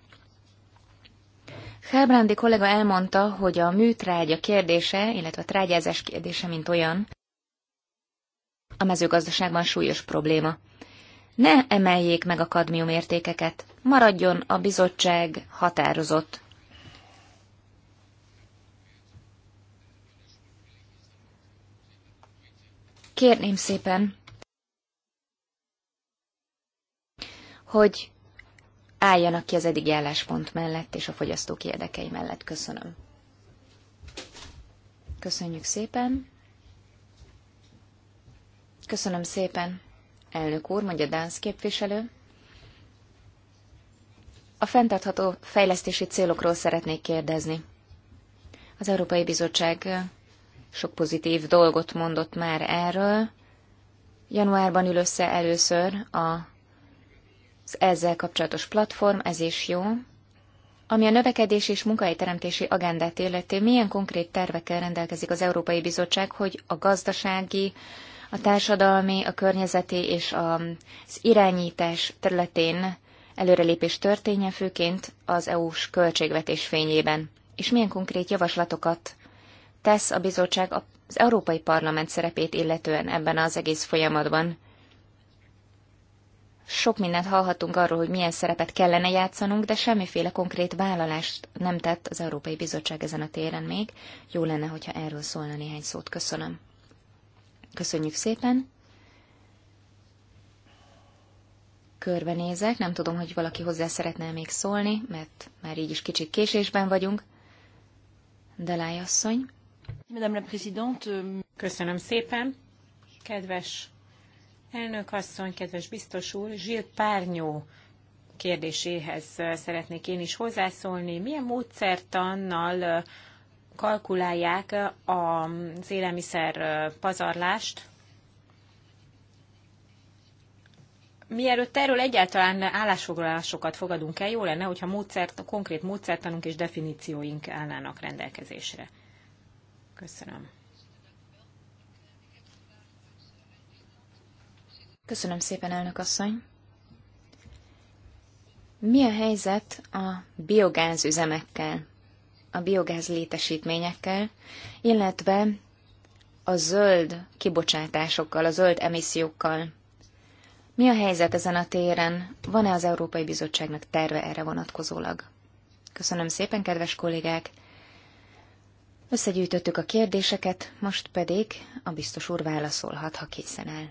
Helbrandi kollega elmondta, hogy a műtrágya kérdése, illetve a trágyázás kérdése, mint olyan, a mezőgazdaságban súlyos probléma. Ne emeljék meg a kadmium értékeket, maradjon a bizottság határozott. Kérném szépen, hogy álljanak ki az eddig álláspont mellett és a fogyasztók érdekei mellett. Köszönöm. Köszönjük szépen. Köszönöm szépen, elnök úr, mondja Dánsz képviselő. A fenntartható fejlesztési célokról szeretnék kérdezni. Az Európai Bizottság sok pozitív dolgot mondott már erről. Januárban ül össze először a ezzel kapcsolatos platform, ez is jó. Ami a növekedés és munkahelyteremtési agendát illeti, milyen konkrét tervekkel rendelkezik az Európai Bizottság, hogy a gazdasági, a társadalmi, a környezeti és az irányítás területén előrelépés történjen, főként az EU-s költségvetés fényében? És milyen konkrét javaslatokat tesz a bizottság az Európai Parlament szerepét illetően ebben az egész folyamatban? Sok mindent hallhattunk arról, hogy milyen szerepet kellene játszanunk, de semmiféle konkrét vállalást nem tett az Európai Bizottság ezen a téren még. Jó lenne, hogyha erről szólna néhány szót. Köszönöm. Köszönjük szépen. Körbenézek, nem tudom, hogy valaki hozzá szeretne még szólni, mert már így is kicsit késésben vagyunk. Delály asszony. Euh, Köszönöm szépen. Kedves Elnök asszony, kedves biztos úr, Zsilt Párnyó kérdéséhez szeretnék én is hozzászólni. Milyen módszertannal kalkulálják az élelmiszer pazarlást? Mielőtt erről egyáltalán állásfoglalásokat fogadunk el, jó lenne, hogyha módszert, konkrét módszertanunk és definícióink állnának rendelkezésre. Köszönöm. Köszönöm szépen, elnök asszony. Mi a helyzet a biogáz üzemekkel, a biogáz létesítményekkel, illetve a zöld kibocsátásokkal, a zöld emissziókkal? Mi a helyzet ezen a téren? Van-e az Európai Bizottságnak terve erre vonatkozólag? Köszönöm szépen, kedves kollégák! Összegyűjtöttük a kérdéseket, most pedig a biztos úr válaszolhat, ha készen áll.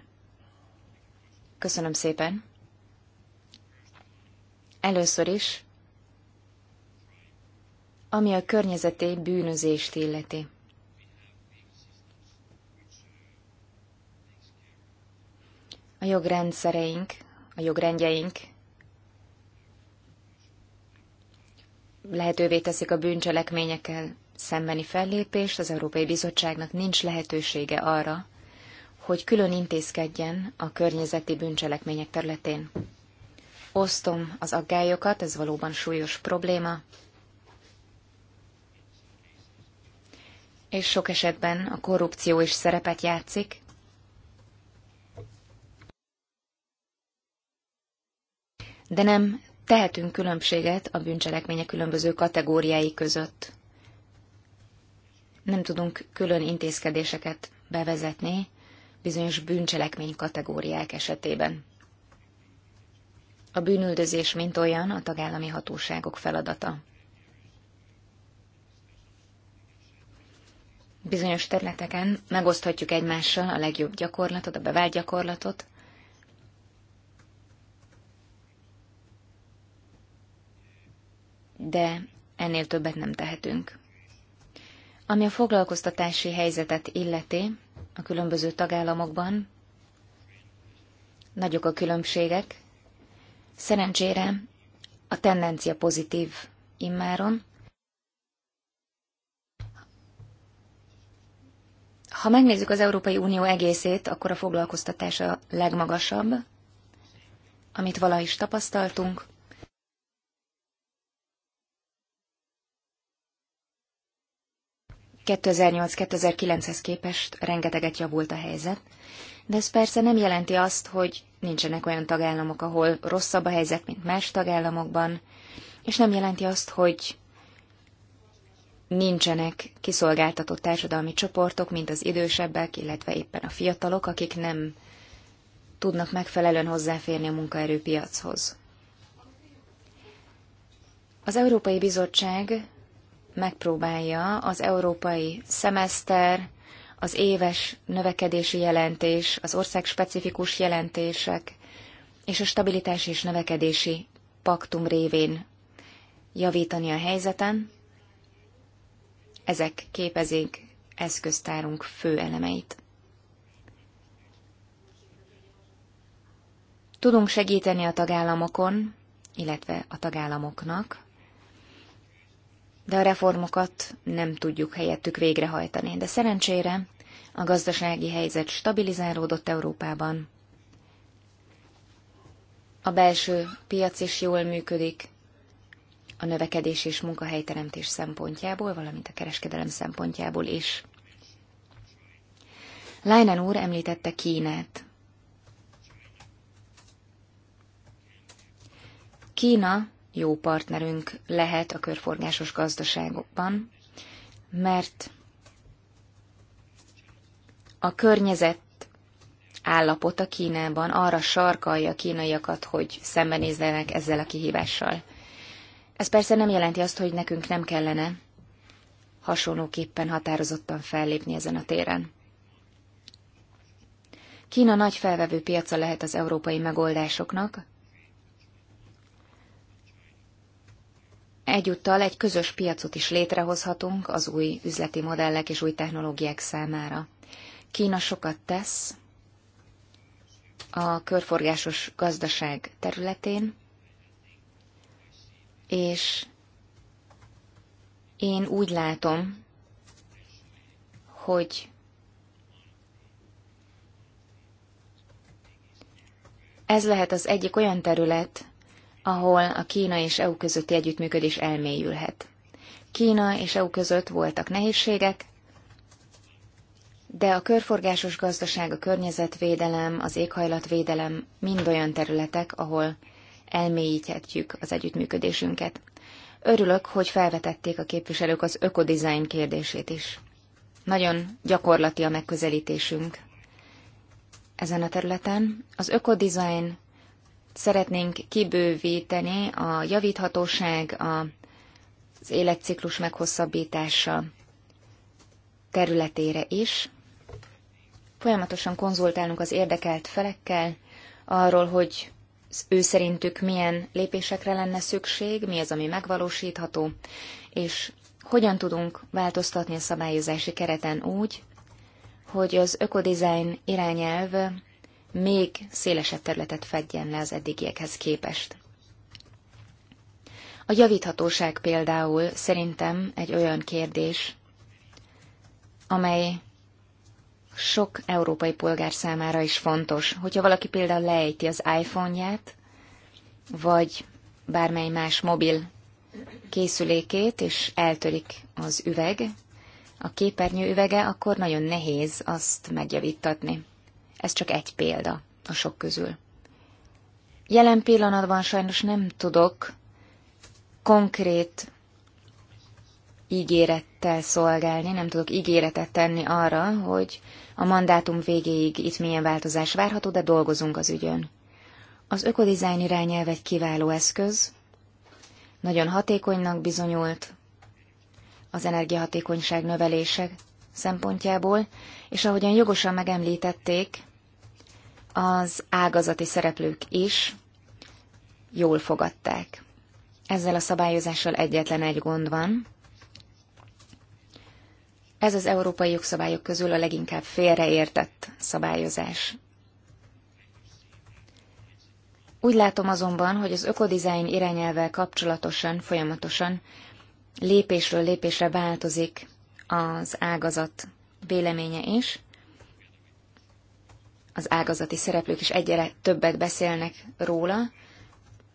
Köszönöm szépen. Először is, ami a környezeti bűnözést illeti. A jogrendszereink, a jogrendjeink lehetővé teszik a bűncselekményekkel szembeni fellépést, az Európai Bizottságnak nincs lehetősége arra, hogy külön intézkedjen a környezeti bűncselekmények területén. Osztom az aggályokat, ez valóban súlyos probléma, és sok esetben a korrupció is szerepet játszik. De nem tehetünk különbséget a bűncselekmények különböző kategóriái között. Nem tudunk külön intézkedéseket bevezetni, bizonyos bűncselekmény kategóriák esetében. A bűnüldözés, mint olyan, a tagállami hatóságok feladata. Bizonyos területeken megoszthatjuk egymással a legjobb gyakorlatot, a bevált gyakorlatot, de ennél többet nem tehetünk. Ami a foglalkoztatási helyzetet illeti, a különböző tagállamokban. Nagyok a különbségek. Szerencsére a tendencia pozitív immáron. Ha megnézzük az Európai Unió egészét, akkor a foglalkoztatás a legmagasabb, amit valaha is tapasztaltunk. 2008-2009-hez képest rengeteget javult a helyzet, de ez persze nem jelenti azt, hogy nincsenek olyan tagállamok, ahol rosszabb a helyzet, mint más tagállamokban, és nem jelenti azt, hogy nincsenek kiszolgáltatott társadalmi csoportok, mint az idősebbek, illetve éppen a fiatalok, akik nem tudnak megfelelően hozzáférni a munkaerőpiachoz. Az Európai Bizottság megpróbálja az európai szemeszter, az éves növekedési jelentés, az ország specifikus jelentések és a stabilitási és növekedési paktum révén javítani a helyzeten. Ezek képezik eszköztárunk fő elemeit. Tudunk segíteni a tagállamokon, illetve a tagállamoknak, de a reformokat nem tudjuk helyettük végrehajtani. De szerencsére a gazdasági helyzet stabilizálódott Európában, a belső piac is jól működik, a növekedés és munkahelyteremtés szempontjából, valamint a kereskedelem szempontjából is. Leinen úr említette Kínát. Kína jó partnerünk lehet a körforgásos gazdaságokban, mert a környezet állapota Kínában arra sarkalja a kínaiakat, hogy szembenézzenek ezzel a kihívással. Ez persze nem jelenti azt, hogy nekünk nem kellene hasonlóképpen határozottan fellépni ezen a téren. Kína nagy felvevő piaca lehet az európai megoldásoknak, Egyúttal egy közös piacot is létrehozhatunk az új üzleti modellek és új technológiák számára. Kína sokat tesz a körforgásos gazdaság területén, és én úgy látom, hogy ez lehet az egyik olyan terület, ahol a Kína és EU közötti együttműködés elmélyülhet. Kína és EU között voltak nehézségek, de a körforgásos gazdaság, a környezetvédelem, az éghajlatvédelem mind olyan területek, ahol elmélyíthetjük az együttműködésünket. Örülök, hogy felvetették a képviselők az ökodizájn kérdését is. Nagyon gyakorlati a megközelítésünk. Ezen a területen az ökodizájn szeretnénk kibővíteni a javíthatóság, a, az életciklus meghosszabbítása területére is. Folyamatosan konzultálunk az érdekelt felekkel arról, hogy ő szerintük milyen lépésekre lenne szükség, mi az, ami megvalósítható, és hogyan tudunk változtatni a szabályozási kereten úgy, hogy az ökodizájn irányelv még szélesebb területet fedjen le az eddigiekhez képest. A javíthatóság például szerintem egy olyan kérdés, amely sok európai polgár számára is fontos. Hogyha valaki például leejti az iPhone-ját, vagy bármely más mobil készülékét, és eltörik az üveg, a képernyő üvege, akkor nagyon nehéz azt megjavítatni. Ez csak egy példa a sok közül. Jelen pillanatban sajnos nem tudok konkrét ígérettel szolgálni, nem tudok ígéretet tenni arra, hogy a mandátum végéig itt milyen változás várható, de dolgozunk az ügyön. Az ökodizájn irányelv egy kiváló eszköz, nagyon hatékonynak bizonyult az energiahatékonyság növelése szempontjából, és ahogyan jogosan megemlítették, az ágazati szereplők is jól fogadták. Ezzel a szabályozással egyetlen egy gond van. Ez az európai jogszabályok közül a leginkább félreértett szabályozás. Úgy látom azonban, hogy az ökodizájn irányelvel kapcsolatosan, folyamatosan lépésről lépésre változik az ágazat véleménye is, az ágazati szereplők is egyre többet beszélnek róla,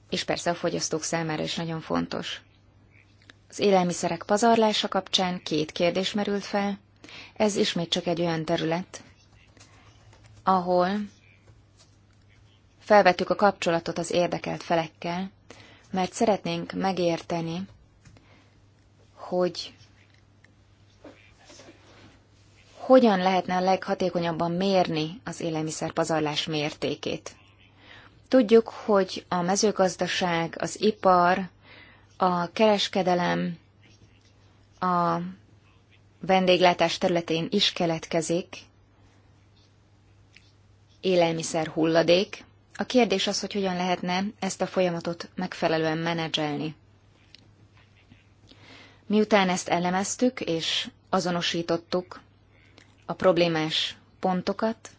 és persze a fogyasztók számára is nagyon fontos. Az élelmiszerek pazarlása kapcsán két kérdés merült fel. Ez ismét csak egy olyan terület, ahol felvettük a kapcsolatot az érdekelt felekkel, mert szeretnénk megérteni, hogy hogyan lehetne a leghatékonyabban mérni az élelmiszerpazarlás mértékét. Tudjuk, hogy a mezőgazdaság, az ipar, a kereskedelem, a vendéglátás területén is keletkezik élelmiszer hulladék. A kérdés az, hogy hogyan lehetne ezt a folyamatot megfelelően menedzselni. Miután ezt elemeztük és azonosítottuk a problémás pontokat,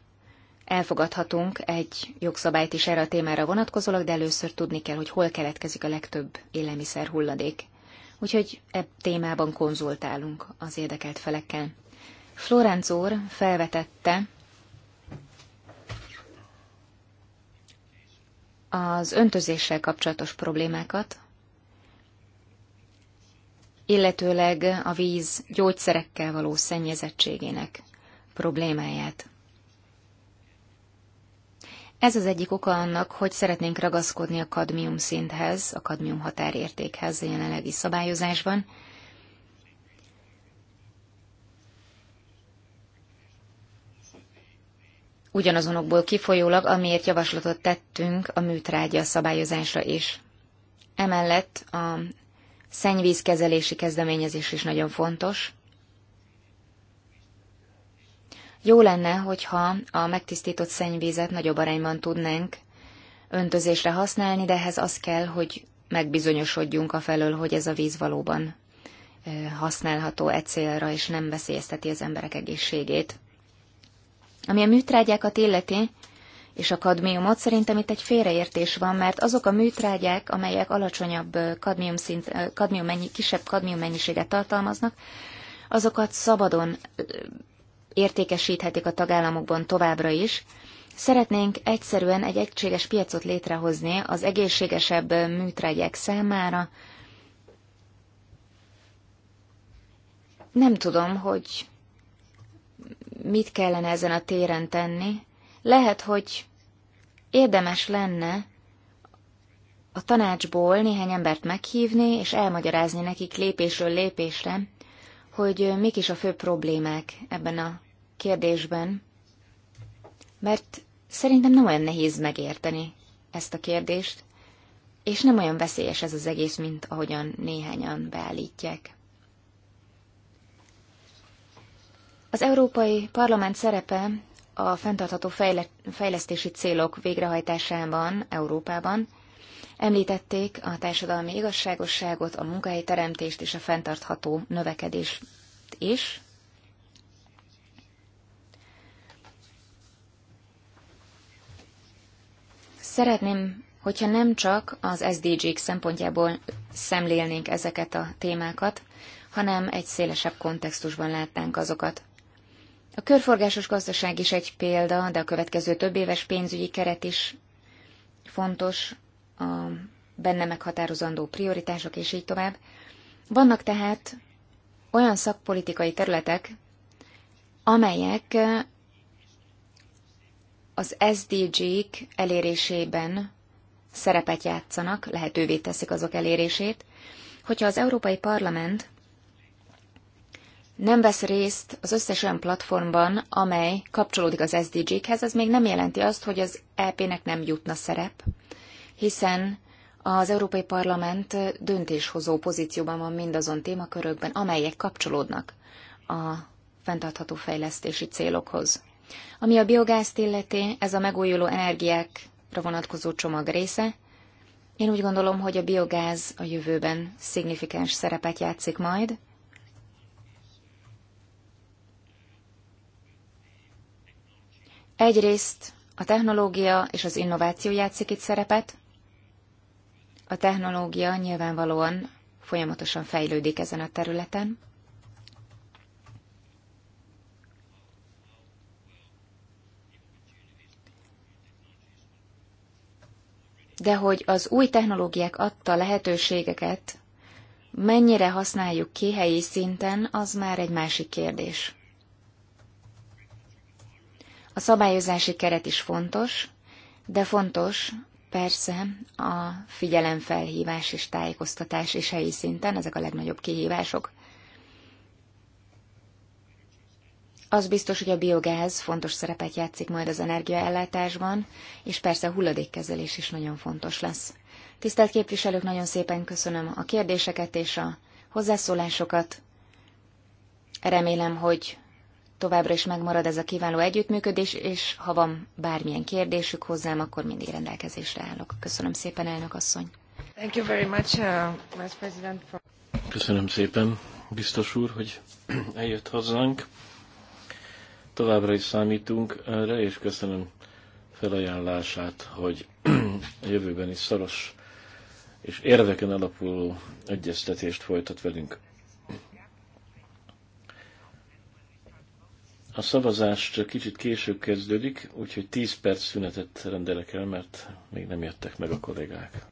elfogadhatunk egy jogszabályt is erre a témára vonatkozólag, de először tudni kell, hogy hol keletkezik a legtöbb élelmiszer hulladék. Úgyhogy e témában konzultálunk az érdekelt felekkel. Florenc úr felvetette az öntözéssel kapcsolatos problémákat, illetőleg a víz gyógyszerekkel való szennyezettségének problémáját. Ez az egyik oka annak, hogy szeretnénk ragaszkodni a kadmium szinthez, a kadmium határértékhez a jelenlegi szabályozásban. Ugyanazonokból kifolyólag, amiért javaslatot tettünk a műtrágya szabályozásra is. Emellett a szennyvízkezelési kezdeményezés is nagyon fontos. Jó lenne, hogyha a megtisztított szennyvízet nagyobb arányban tudnánk öntözésre használni, de ehhez az kell, hogy megbizonyosodjunk a felől, hogy ez a víz valóban használható e célra, és nem veszélyezteti az emberek egészségét. Ami a műtrágyákat illeti, és a kadmiumot, szerintem itt egy félreértés van, mert azok a műtrágyák, amelyek alacsonyabb kadmium, szint, kadmium mennyi, kisebb kadmium mennyiséget tartalmaznak, azokat szabadon értékesíthetik a tagállamokban továbbra is. Szeretnénk egyszerűen egy egységes piacot létrehozni az egészségesebb műtrágyák számára. Nem tudom, hogy mit kellene ezen a téren tenni. Lehet, hogy érdemes lenne a tanácsból néhány embert meghívni, és elmagyarázni nekik lépésről lépésre, hogy mik is a fő problémák ebben a kérdésben, mert szerintem nem olyan nehéz megérteni ezt a kérdést, és nem olyan veszélyes ez az egész, mint ahogyan néhányan beállítják. Az Európai Parlament szerepe a fenntartható fejlesztési célok végrehajtásában Európában. Említették a társadalmi igazságosságot, a munkahelyteremtést és a fenntartható növekedést is. Szeretném, hogyha nem csak az SDG-k szempontjából szemlélnénk ezeket a témákat, hanem egy szélesebb kontextusban látnánk azokat. A körforgásos gazdaság is egy példa, de a következő több éves pénzügyi keret is fontos, a benne meghatározandó prioritások és így tovább. Vannak tehát olyan szakpolitikai területek, amelyek az SDG-k elérésében szerepet játszanak, lehetővé teszik azok elérését, hogyha az Európai Parlament nem vesz részt az összes olyan platformban, amely kapcsolódik az SDG-khez, ez még nem jelenti azt, hogy az EP-nek nem jutna szerep, hiszen az Európai Parlament döntéshozó pozícióban van mindazon témakörökben, amelyek kapcsolódnak a fenntartható fejlesztési célokhoz. Ami a biogázt illeti, ez a megújuló energiákra vonatkozó csomag része. Én úgy gondolom, hogy a biogáz a jövőben szignifikáns szerepet játszik majd. Egyrészt a technológia és az innováció játszik itt szerepet. A technológia nyilvánvalóan folyamatosan fejlődik ezen a területen. de hogy az új technológiák adta lehetőségeket mennyire használjuk ki helyi szinten, az már egy másik kérdés. A szabályozási keret is fontos, de fontos persze a figyelemfelhívás és tájékoztatás is helyi szinten, ezek a legnagyobb kihívások. Az biztos, hogy a biogáz fontos szerepet játszik majd az energiaellátásban, és persze a hulladékkezelés is nagyon fontos lesz. Tisztelt képviselők, nagyon szépen köszönöm a kérdéseket és a hozzászólásokat. Remélem, hogy továbbra is megmarad ez a kiváló együttműködés, és ha van bármilyen kérdésük hozzám, akkor mindig rendelkezésre állok. Köszönöm szépen, elnök asszony. Thank you very much, uh, President. Köszönöm szépen, biztos úr, hogy eljött hozzánk. Továbbra is számítunk erre, és köszönöm felajánlását, hogy a jövőben is szoros és érveken alapuló egyeztetést folytat velünk. A szavazás csak kicsit később kezdődik, úgyhogy 10 perc szünetet rendelek el, mert még nem jöttek meg a kollégák.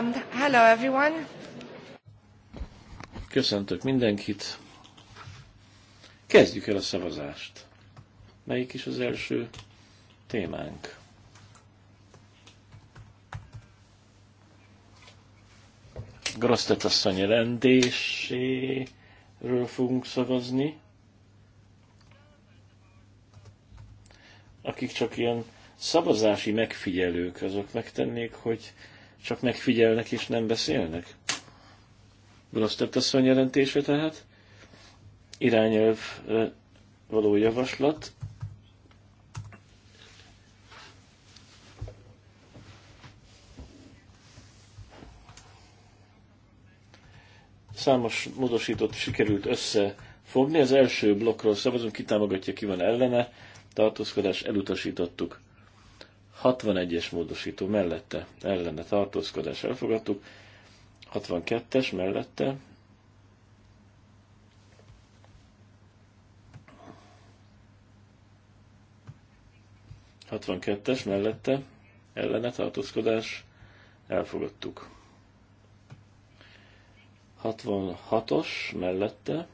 Um, hello everyone. Köszöntök mindenkit. Kezdjük el a szavazást. Melyik is az első témánk? Grosztet asszony jelentéséről fogunk szavazni. Akik csak ilyen szavazási megfigyelők, azok megtennék, hogy csak megfigyelnek és nem beszélnek. Grosztett asszony jelentése tehát, irányelv való javaslat, Számos módosított sikerült összefogni. Az első blokkról szavazunk, ki támogatja, ki van ellene. Tartózkodás elutasítottuk. 61-es módosító mellette ellene tartózkodás elfogadtuk, 62-es mellette hatvankettes mellette ellene tartózkodás elfogadtuk. 66-os mellette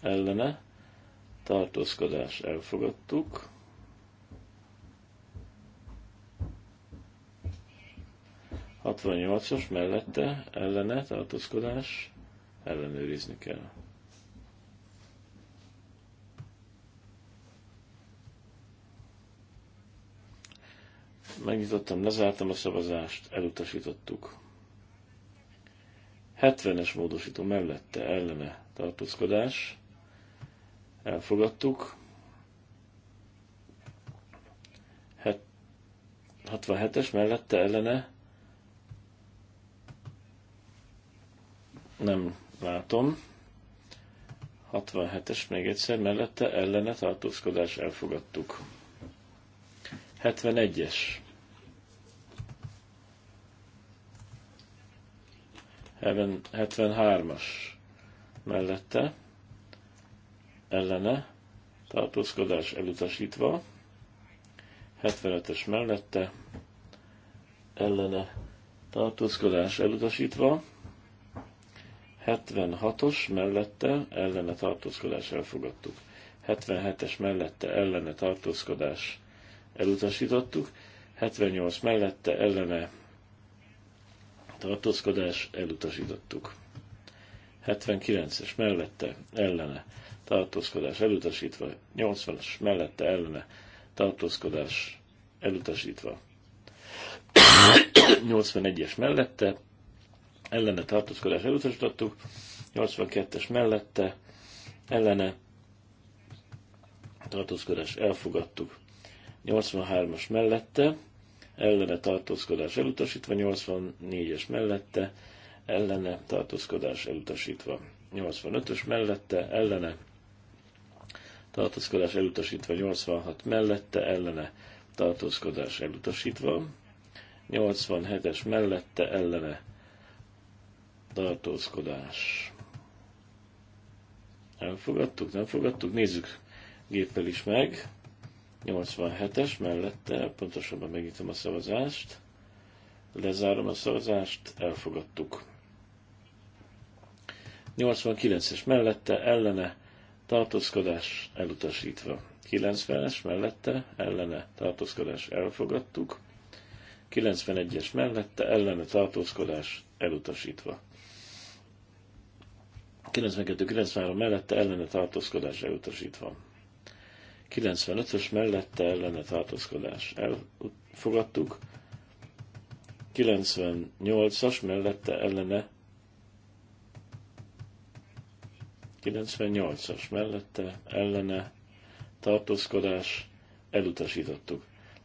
ellene tartózkodás elfogadtuk. 68 as mellette ellene tartózkodás ellenőrizni kell. Megnyitottam, lezártam a szavazást, elutasítottuk. 70-es módosító mellette ellene tartózkodás. Elfogadtuk. 67-es mellette ellene nem látom. 67-es még egyszer, mellette ellene tartózkodás elfogadtuk. 71-es. 73-as mellette ellene tartózkodás elutasítva, 75 es mellette ellene tartózkodás elutasítva, 76-os mellette ellene tartózkodás elfogadtuk. 77-es mellette ellene tartózkodás elutasítottuk. 78 mellette ellene tartózkodás elutasítottuk. 79-es mellette ellene tartózkodás elutasítva. 80-as mellette ellene tartózkodás elutasítva. 81-es mellette ellene tartózkodás elutasítottuk, 82-es mellette ellene tartózkodás elfogadtuk, 83-as mellette ellene tartózkodás elutasítva, 84-es mellette ellene tartózkodás elutasítva, 85-ös mellette ellene tartózkodás elutasítva, 86 mellette ellene tartózkodás elutasítva, 87-es mellette ellene tartózkodás. Elfogadtuk, nem fogadtuk, nézzük géppel is meg. 87-es mellette, pontosabban megnyitom a szavazást, lezárom a szavazást, elfogadtuk. 89-es mellette, ellene, tartózkodás elutasítva. 90-es mellette, ellene, tartózkodás elfogadtuk. 91-es mellette, ellene, tartózkodás elutasítva. 92-93 mellette ellene tartózkodásra elutasítva. 95-ös mellette ellene tartózkodás elfogadtuk. 98-as mellette ellene 98-as mellette ellene tartózkodás elutasítottuk.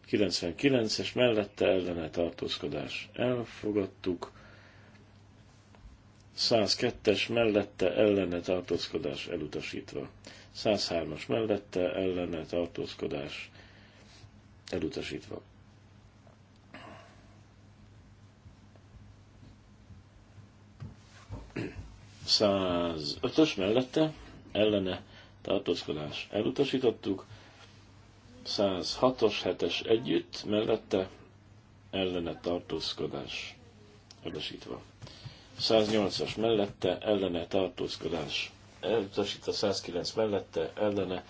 99-es mellette ellene tartózkodás elfogadtuk. 102-es mellette ellene tartózkodás elutasítva. 103-as mellette ellene tartózkodás elutasítva. Száz ötös mellette ellene tartózkodás elutasítottuk, 106-os, 7-es együtt mellette ellene tartózkodás elutasítva. 108-as mellette ellene tartózkodás elutasítva, 109 mellette ellene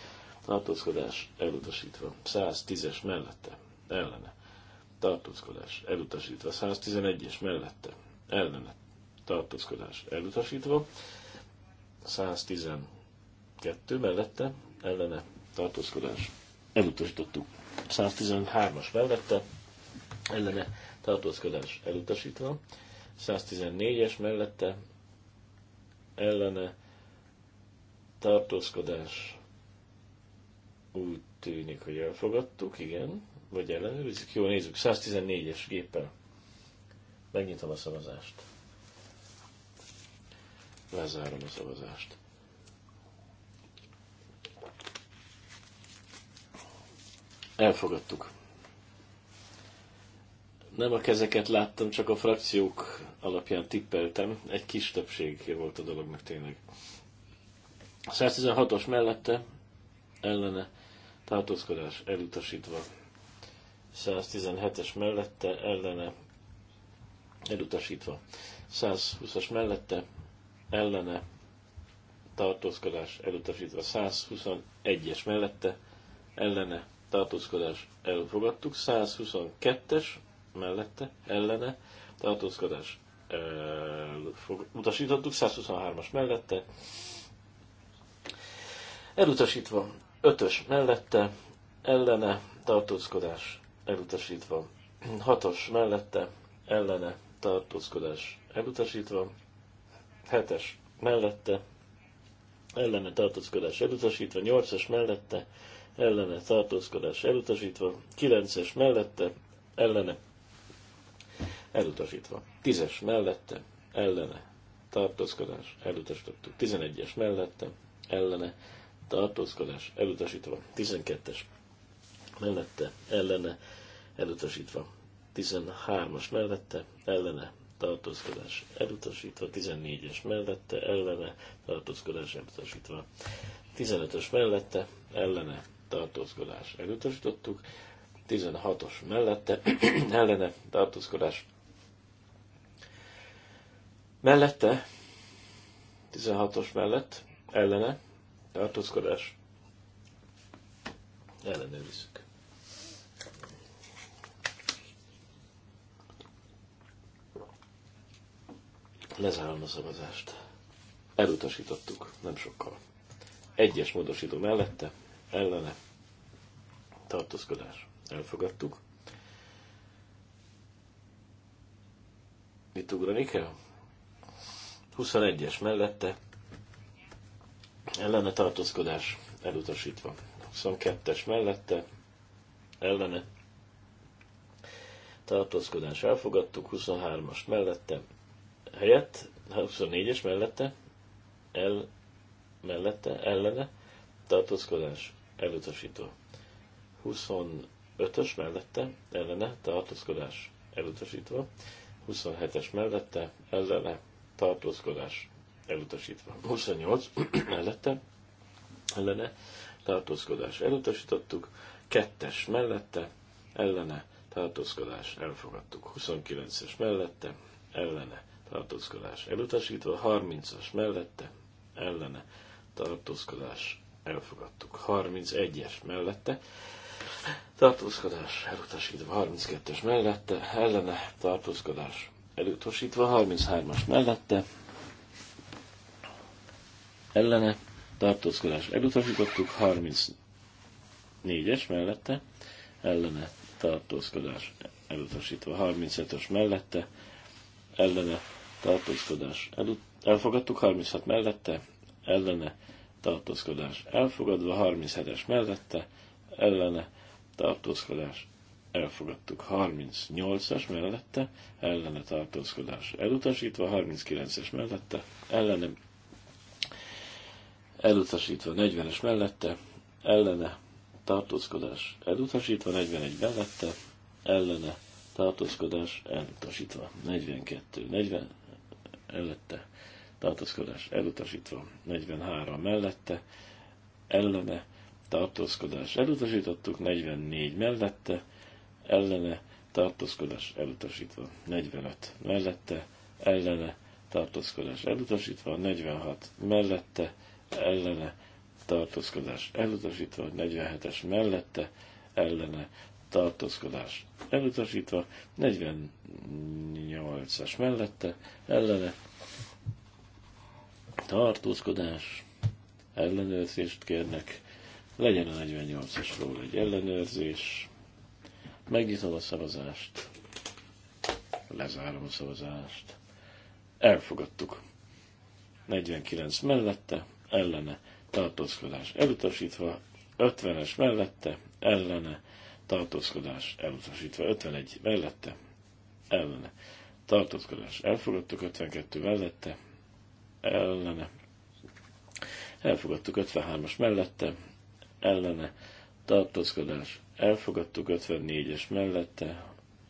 tartózkodás elutasítva, 110-es mellette ellene tartózkodás elutasítva, 111-es mellette ellene tartózkodás elutasítva, 112 mellette ellene tartózkodás elutasítottuk, 113-as mellette ellene tartózkodás elutasítva, 114-es mellette ellene tartózkodás úgy tűnik, hogy elfogadtuk, igen, vagy ellenőrizzük. Jó, nézzük, 114-es géppel. Megnyitom a szavazást. Lezárom a szavazást. Elfogadtuk. Nem a kezeket láttam, csak a frakciók alapján tippeltem. Egy kis többség volt a dolognak tényleg. 116-os mellette ellene tartózkodás elutasítva. 117-es mellette ellene elutasítva. 120-as mellette ellene tartózkodás elutasítva. 121-es mellette ellene tartózkodás elfogadtuk. 122-es mellette, ellene, tartózkodás fog, utasítottuk, 123-as mellette, elutasítva, 5-ös mellette, ellene, tartózkodás elutasítva, 6-os mellette, ellene, tartózkodás elutasítva, 7-es mellette, ellene tartózkodás elutasítva, 8-as mellette, ellene tartózkodás elutasítva, 9-es mellette, ellene elutasítva. Tízes mellette, ellene, tartózkodás, elutasítottuk. Tizenegyes mellette, ellene, tartózkodás, elutasítva. Tizenkettes mellette, ellene, elutasítva. Tizenhármas mellette, ellene, tartózkodás elutasítva, Tizennégyes mellette, ellene, tartózkodás elutasítva, Tizenötös mellette, ellene, tartózkodás elutasítottuk, 16-os mellette, ellene, tartózkodás Mellette, 16-os mellett, ellene, tartózkodás, ellenőrizzük. Lezárom a szavazást. Elutasítottuk, nem sokkal. Egyes módosító mellette, ellene, tartózkodás. Elfogadtuk. Mit ugrani kell? 21-es mellette ellene tartózkodás elutasítva. 22-es mellette ellene tartózkodás elfogadtuk, 23-as mellette helyett, 24-es mellette el, mellette ellene tartózkodás elutasító. 25-ös mellette ellene tartózkodás elutasítva. 27-es mellette ellene tartózkodás elutasítva. 28 mellette ellene tartózkodás elutasítottuk, kettes mellette ellene tartózkodás elfogadtuk, 29-es mellette ellene tartózkodás elutasítva, 30-as mellette ellene tartózkodás elfogadtuk, 31-es mellette tartózkodás elutasítva, 32-es mellette ellene tartózkodás elutasítva, 33-as mellette, ellene, tartózkodás elutasítottuk, 34-es mellette, ellene, tartózkodás elutasítva, 35-ös mellette, ellene, tartózkodás elut- elfogadtuk, 36 mellette, ellene, tartózkodás elfogadva, 37-es mellette, ellene, tartózkodás elfogadtuk 38-as mellette, ellene tartózkodás elutasítva, 39-es mellette, ellene elutasítva, 40-es mellette, ellene tartózkodás elutasítva, 41 mellette, ellene tartózkodás elutasítva, 42, 40 ellette, tartózkodás elutasítva, 43 mellette, ellene tartózkodás elutasítottuk, 44 mellette, ellene tartózkodás elutasítva, 45 mellette, ellene tartózkodás elutasítva, 46 mellette, ellene tartózkodás elutasítva, 47-es mellette, ellene tartózkodás elutasítva, 48-as mellette, ellene tartózkodás ellenőrzést kérnek, legyen a 48-asról egy ellenőrzés, Megnyitom a szavazást. Lezárom a szavazást. Elfogadtuk. 49 mellette, ellene, tartózkodás elutasítva, 50-es mellette, ellene, tartózkodás elutasítva, 51 mellette, ellene, tartózkodás elfogadtuk, 52 mellette, ellene, elfogadtuk 53-as mellette, ellene, tartózkodás Elfogadtuk 54-es mellette,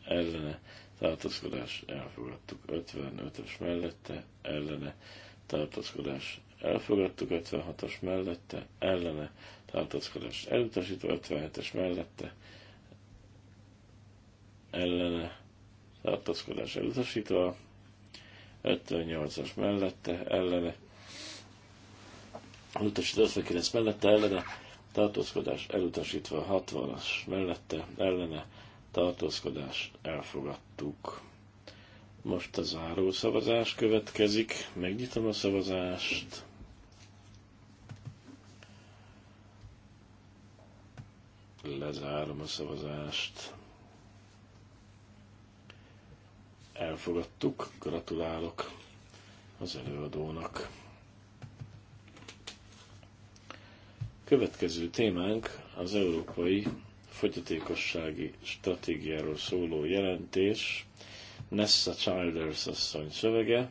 ellene tartózkodás, elfogadtuk 55-ös mellette, ellene tartózkodás, elfogadtuk 56-os mellette, ellene tartózkodás, elutasítva 57-es mellette, ellene tartózkodás elutasítva, 58-as mellette, ellene, elutasítva 59 mellette, ellene, tartózkodás elutasítva 60-as mellette ellene tartózkodás elfogadtuk. Most a záró szavazás következik. Megnyitom a szavazást. Lezárom a szavazást. Elfogadtuk. Gratulálok az előadónak. Következő témánk az Európai Fogyatékossági Stratégiáról szóló jelentés, Nessa Childers asszony szövege.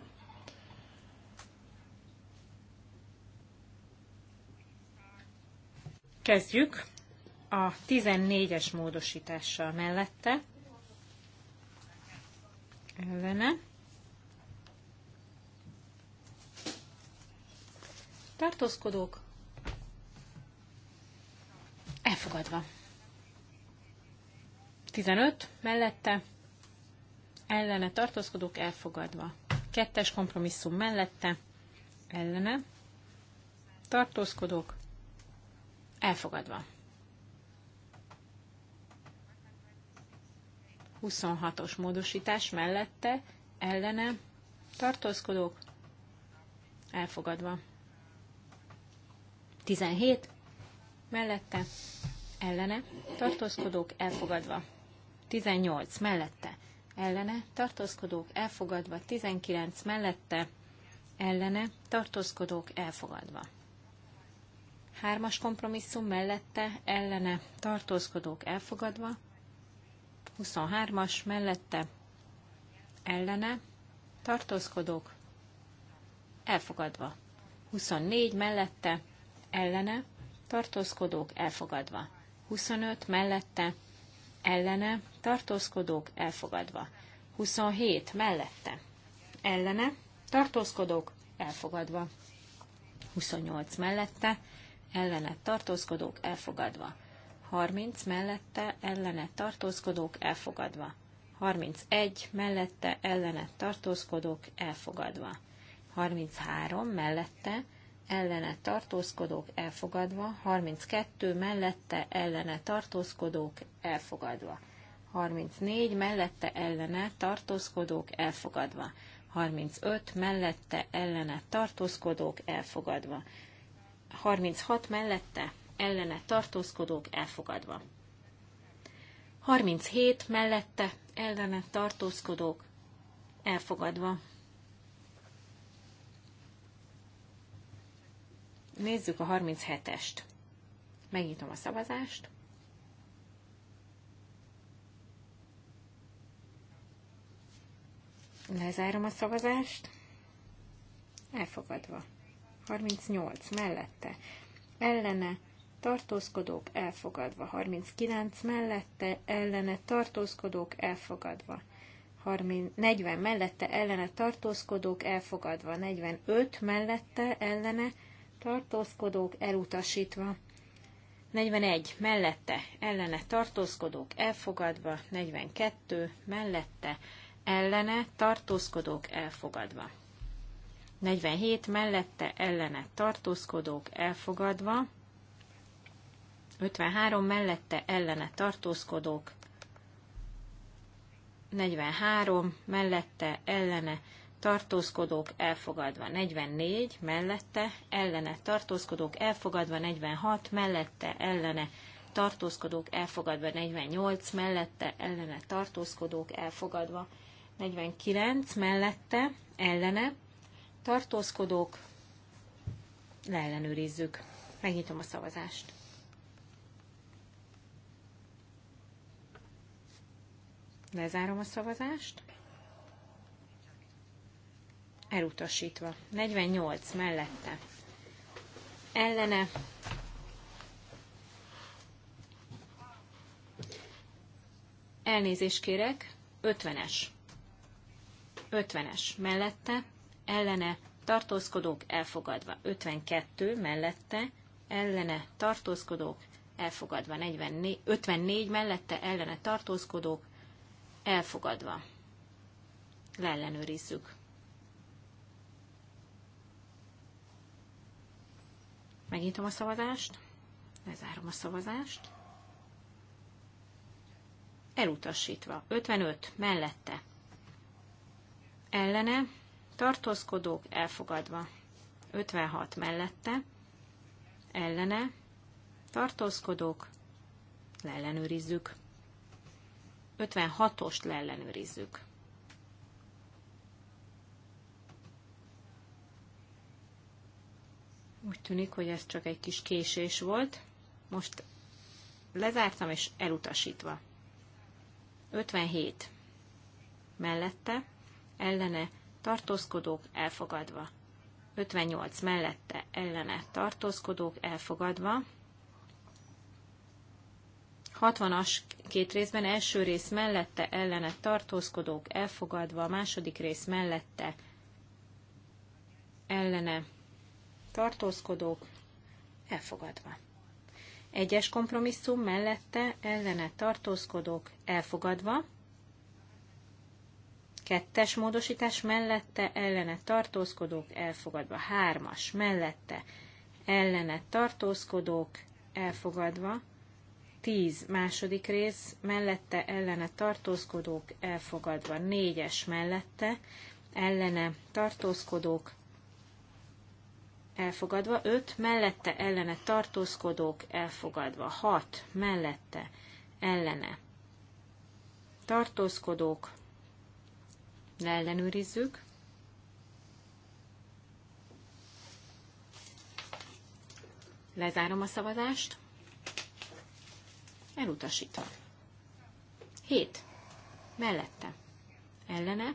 Kezdjük a 14-es módosítással mellette. Ellene. Tartózkodók Elfogadva. 15 mellette ellene tartózkodók elfogadva. Kettes kompromisszum mellette ellene tartózkodók elfogadva. 26-os módosítás mellette ellene tartózkodók elfogadva. 17 mellette, ellene, tartózkodók elfogadva. 18 mellette, ellene, tartózkodók elfogadva. 19 mellette, ellene, tartózkodók elfogadva. Hármas kompromisszum mellette, ellene, tartózkodók elfogadva. 23-as mellette, ellene, tartózkodók elfogadva. 24 mellette, ellene, tartózkodók elfogadva. 25 mellette, ellene, tartózkodók elfogadva. 27 mellette, ellene, tartózkodók elfogadva. 28 mellette, ellene tartózkodók elfogadva. 30 mellette, ellene tartózkodók elfogadva. 31 mellette, ellene tartózkodók elfogadva. 33 mellette, ellene tartózkodók elfogadva, 32 mellette ellene tartózkodók elfogadva, 34 mellette ellene tartózkodók elfogadva, 35 mellette ellene tartózkodók elfogadva, 36 mellette ellene tartózkodók elfogadva, 37 mellette ellene tartózkodók elfogadva. Nézzük a 37-est. Megnyitom a szavazást. Lezárom a szavazást. Elfogadva. 38 mellette. Ellene tartózkodók elfogadva. 39 mellette ellene tartózkodók elfogadva. 30, 40 mellette ellene tartózkodók elfogadva. 45 mellette ellene tartózkodók elutasítva. 41 mellette ellene tartózkodók elfogadva, 42 mellette ellene tartózkodók elfogadva. 47 mellette ellene tartózkodók elfogadva, 53 mellette ellene tartózkodók, 43 mellette ellene tartózkodók elfogadva 44, mellette ellene tartózkodók elfogadva 46, mellette ellene tartózkodók elfogadva 48, mellette ellene tartózkodók elfogadva 49, mellette ellene tartózkodók leellenőrizzük. Megnyitom a szavazást. Lezárom a szavazást elutasítva. 48 mellette ellene elnézést kérek, 50-es. 50-es mellette ellene tartózkodók elfogadva. 52 mellette ellene tartózkodók elfogadva. 44, 54 mellette ellene tartózkodók elfogadva. Leellenőrizzük. Megnyitom a szavazást, lezárom a szavazást. Elutasítva. 55 mellette. Ellene. Tartózkodók elfogadva. 56 mellette. Ellene. Tartózkodók. Leellenőrizzük. 56-ost leellenőrizzük. Úgy tűnik, hogy ez csak egy kis késés volt. Most lezártam és elutasítva. 57. Mellette, ellene, tartózkodók elfogadva. 58. Mellette, ellene, tartózkodók elfogadva. 60-as két részben, első rész mellette, ellene, tartózkodók elfogadva, második rész mellette, ellene, tartózkodók elfogadva. Egyes kompromisszum mellette ellene tartózkodók elfogadva. Kettes módosítás mellette ellene tartózkodók elfogadva. Hármas mellette ellene tartózkodók elfogadva. Tíz második rész mellette ellene tartózkodók elfogadva. Négyes mellette ellene tartózkodók elfogadva, 5 mellette ellene tartózkodók elfogadva, 6 mellette ellene tartózkodók leellenőrizzük. Lezárom a szavazást. Elutasítva. 7. Mellette. Ellene.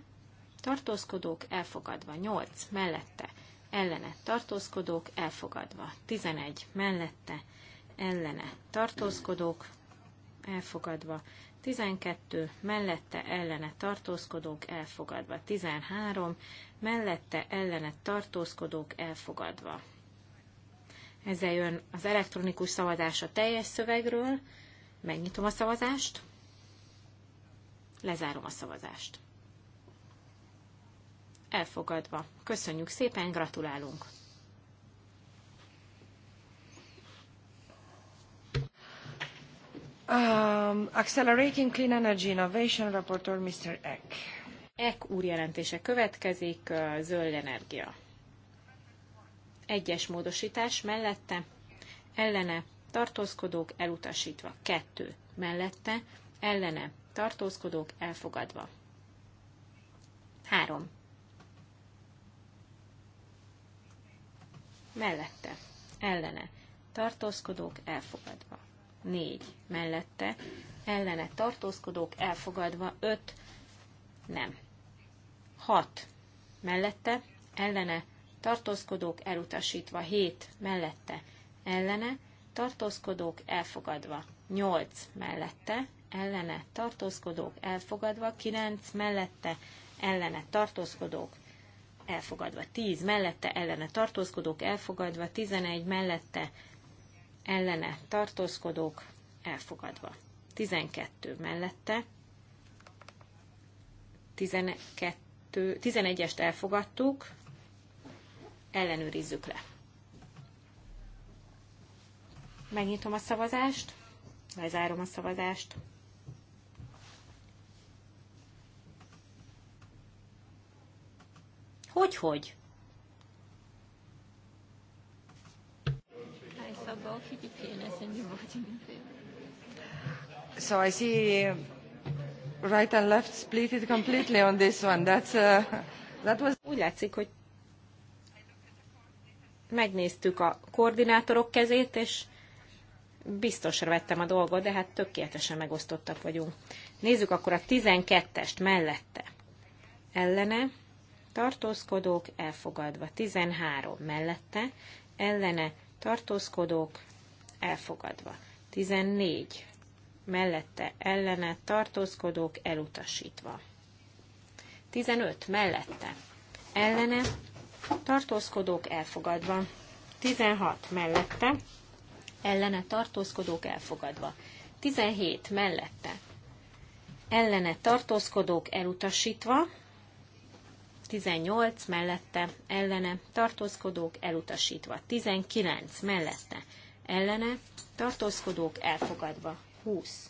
Tartózkodók elfogadva. 8. Mellette ellene tartózkodók elfogadva. 11 mellette ellene tartózkodók elfogadva. 12 mellette ellene tartózkodók elfogadva. 13 mellette ellene tartózkodók elfogadva. Ezzel jön az elektronikus szavazás a teljes szövegről. Megnyitom a szavazást. Lezárom a szavazást elfogadva. Köszönjük szépen, gratulálunk! Um, accelerating Clean Energy Innovation Rapporteur Mr. Eck. Eck úr jelentése következik, uh, zöld energia. Egyes módosítás mellette, ellene, tartózkodók elutasítva. Kettő mellette, ellene, tartózkodók elfogadva. Három mellette, ellene, tartózkodók elfogadva. 4 mellette, ellene tartózkodók elfogadva, 5 nem. 6 mellette, ellene tartózkodók elutasítva, 7 mellette, ellene tartózkodók elfogadva, 8 mellette, ellene tartózkodók elfogadva, 9 mellette, ellene tartózkodók elfogadva 10 mellette ellene tartózkodók, elfogadva 11 mellette ellene tartózkodók, elfogadva 12 mellette 12, 11-est elfogadtuk, ellenőrizzük le. Megnyitom a szavazást, lezárom a szavazást. Hogy, hogy? So I see right and left split it completely on this one. That's, uh, that was... Úgy látszik, hogy megnéztük a koordinátorok kezét, és biztosra vettem a dolgot, de hát tökéletesen megosztottak vagyunk. Nézzük akkor a 12-est mellette. Ellene tartózkodók elfogadva. 13 mellette, ellene tartózkodók elfogadva. 14 mellette, ellene tartózkodók elutasítva. 15 mellette, ellene tartózkodók elfogadva. 16 mellette, ellene tartózkodók elfogadva. 17 mellette, ellene tartózkodók elutasítva. 18 mellette ellene tartózkodók elutasítva, 19 mellette ellene tartózkodók elfogadva, 20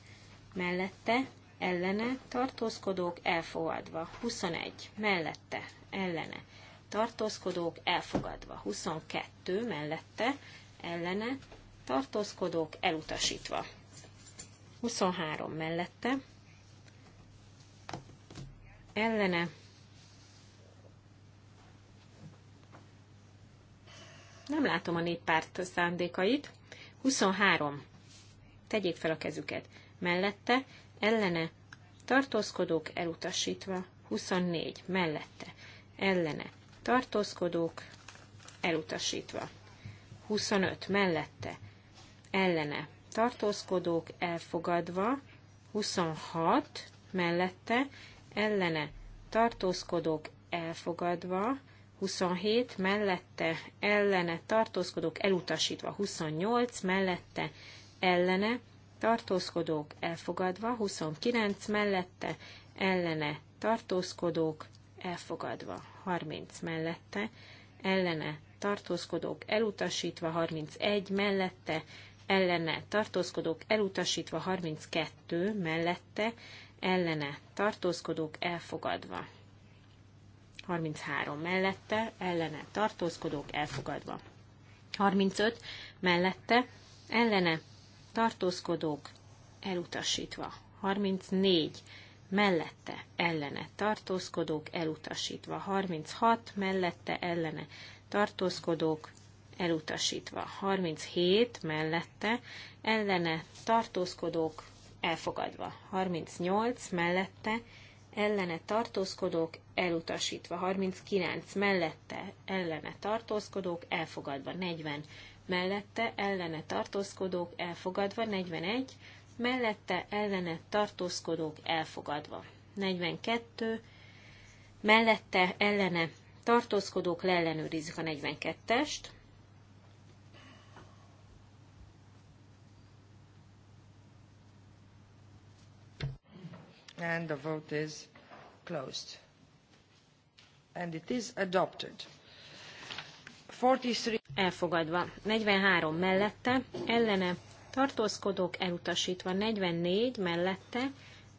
mellette ellene tartózkodók elfogadva, 21 mellette ellene tartózkodók elfogadva, 22 mellette ellene tartózkodók elutasítva, 23 mellette ellene Nem látom a néppárt szándékait. 23. Tegyék fel a kezüket. Mellette, ellene, tartózkodók elutasítva. 24. Mellette, ellene, tartózkodók elutasítva. 25. Mellette, ellene, tartózkodók elfogadva. 26. Mellette, ellene, tartózkodók elfogadva. 27 mellette ellene tartózkodók elutasítva, 28 mellette ellene tartózkodók elfogadva, 29 mellette ellene tartózkodók elfogadva, 30 mellette ellene tartózkodók elutasítva, 31 mellette ellene tartózkodók elutasítva, 32 mellette ellene tartózkodók elfogadva. 33 mellette, ellene tartózkodók elfogadva. 35 mellette, ellene tartózkodók elutasítva. 34 mellette, ellene tartózkodók elutasítva. 36 mellette, ellene tartózkodók elutasítva. 37 mellette, ellene tartózkodók elfogadva. 38 mellette, ellene ellene tartózkodók elutasítva, 39 mellette ellene tartózkodók elfogadva, 40 mellette ellene tartózkodók elfogadva, 41 mellette ellene tartózkodók elfogadva, 42 mellette ellene tartózkodók leellenőrizik a 42-est, and the vote is closed and it is adopted 43 elfogadva 43 mellette ellene tartózkodók elutasítva 44 mellette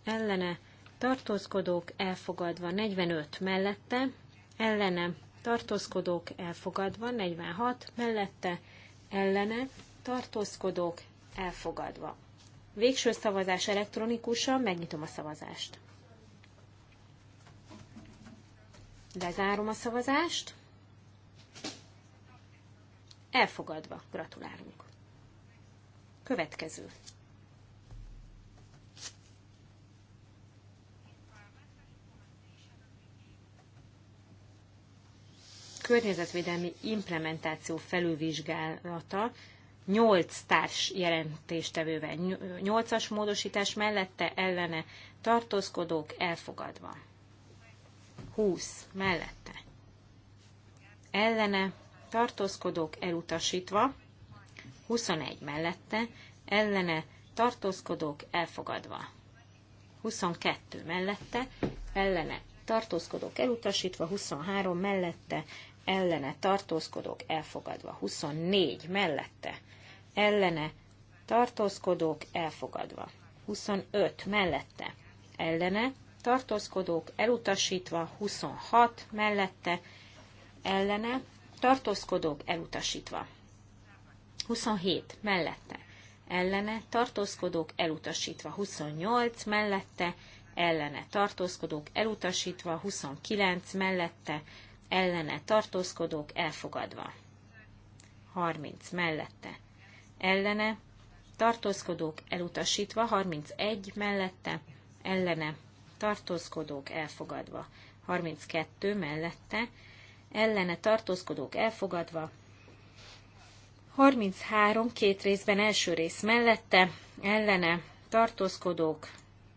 ellene tartózkodók elfogadva 45 mellette ellene tartózkodók elfogadva 46 mellette ellene tartózkodók elfogadva Végső szavazás elektronikusan, megnyitom a szavazást. Lezárom a szavazást. Elfogadva. Gratulálunk. Következő. Környezetvédelmi implementáció felülvizsgálata nyolc társ jelentéstevővel, nyolcas módosítás mellette ellene tartózkodók elfogadva. 20 mellette ellene tartózkodók elutasítva, 21 mellette ellene tartózkodók elfogadva. 22 mellette ellene tartózkodók elutasítva, 23 mellette ellene tartózkodók elfogadva. 24 mellette ellene tartózkodók elfogadva. 25 mellette ellene tartózkodók elutasítva. 26 mellette ellene tartózkodók elutasítva. 27 mellette ellene tartózkodók elutasítva. 28 mellette ellene tartózkodók elutasítva. 29 mellette ellene, ellene tartózkodók elfogadva. 30 mellette ellene tartózkodók elutasítva, 31 mellette ellene tartózkodók elfogadva, 32 mellette ellene tartózkodók elfogadva, 33 két részben első rész mellette ellene tartózkodók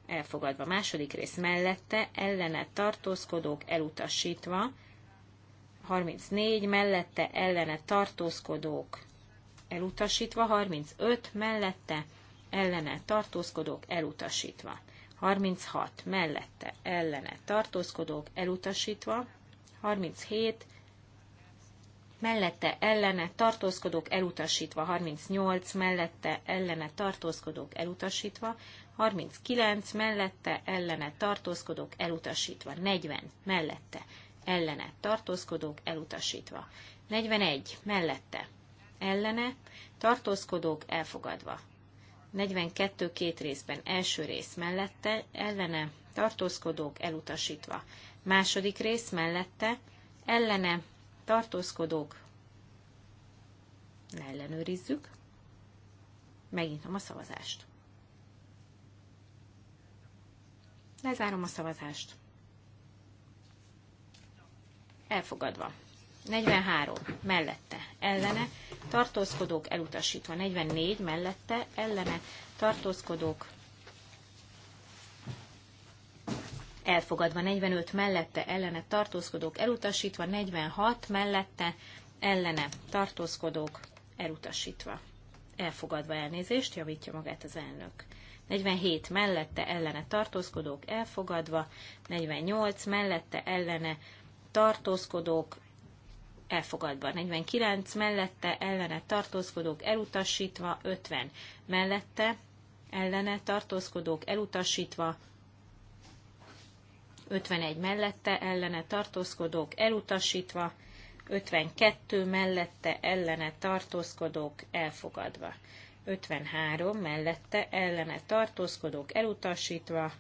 elfogadva, második rész mellette ellene tartózkodók elutasítva, 34 mellette ellene tartózkodók elutasítva, 35 mellette ellene tartózkodók elutasítva, 36 mellette ellene tartózkodók elutasítva, 37 mellette ellene tartózkodók elutasítva, 38 mellette ellene tartózkodók elutasítva, 39 mellette ellene tartózkodók elutasítva, 40 mellette ellene tartózkodók elutasítva. 41 mellette ellene tartózkodók elfogadva. 42 két részben első rész mellette ellene tartózkodók elutasítva. Második rész mellette ellene tartózkodók ellenőrizzük. Megnyitom a szavazást. Lezárom a szavazást elfogadva. 43 mellette ellene tartózkodók elutasítva. 44 mellette ellene tartózkodók elfogadva. 45 mellette ellene tartózkodók elutasítva. 46 mellette ellene tartózkodók elutasítva. Elfogadva elnézést, javítja magát az elnök. 47 mellette ellene tartózkodók elfogadva, 48 mellette ellene tartózkodók elfogadva, 49 mellette ellene tartózkodók elutasítva, 50 mellette ellene tartózkodók elutasítva, 51 mellette ellene tartózkodók elutasítva, 52 mellette ellene tartózkodók elfogadva, 53 mellette ellene tartózkodók elutasítva,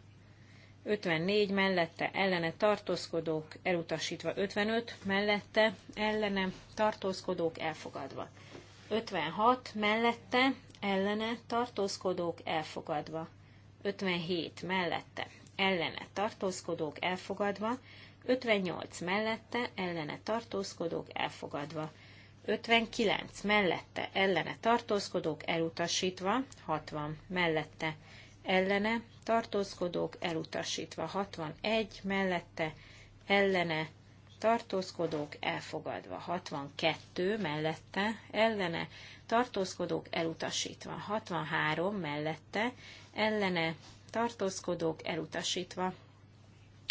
54 mellette ellene tartózkodók elutasítva, 55 mellette ellene tartózkodók elfogadva, 56 mellette ellene tartózkodók elfogadva, 57 mellette ellene tartózkodók elfogadva, 58 mellette ellene tartózkodók elfogadva, 59 mellette ellene tartózkodók elutasítva, 60 mellette ellene tartózkodók elutasítva. 61 mellette ellene tartózkodók elfogadva. 62 mellette ellene tartózkodók elutasítva. 63 mellette ellene tartózkodók elutasítva.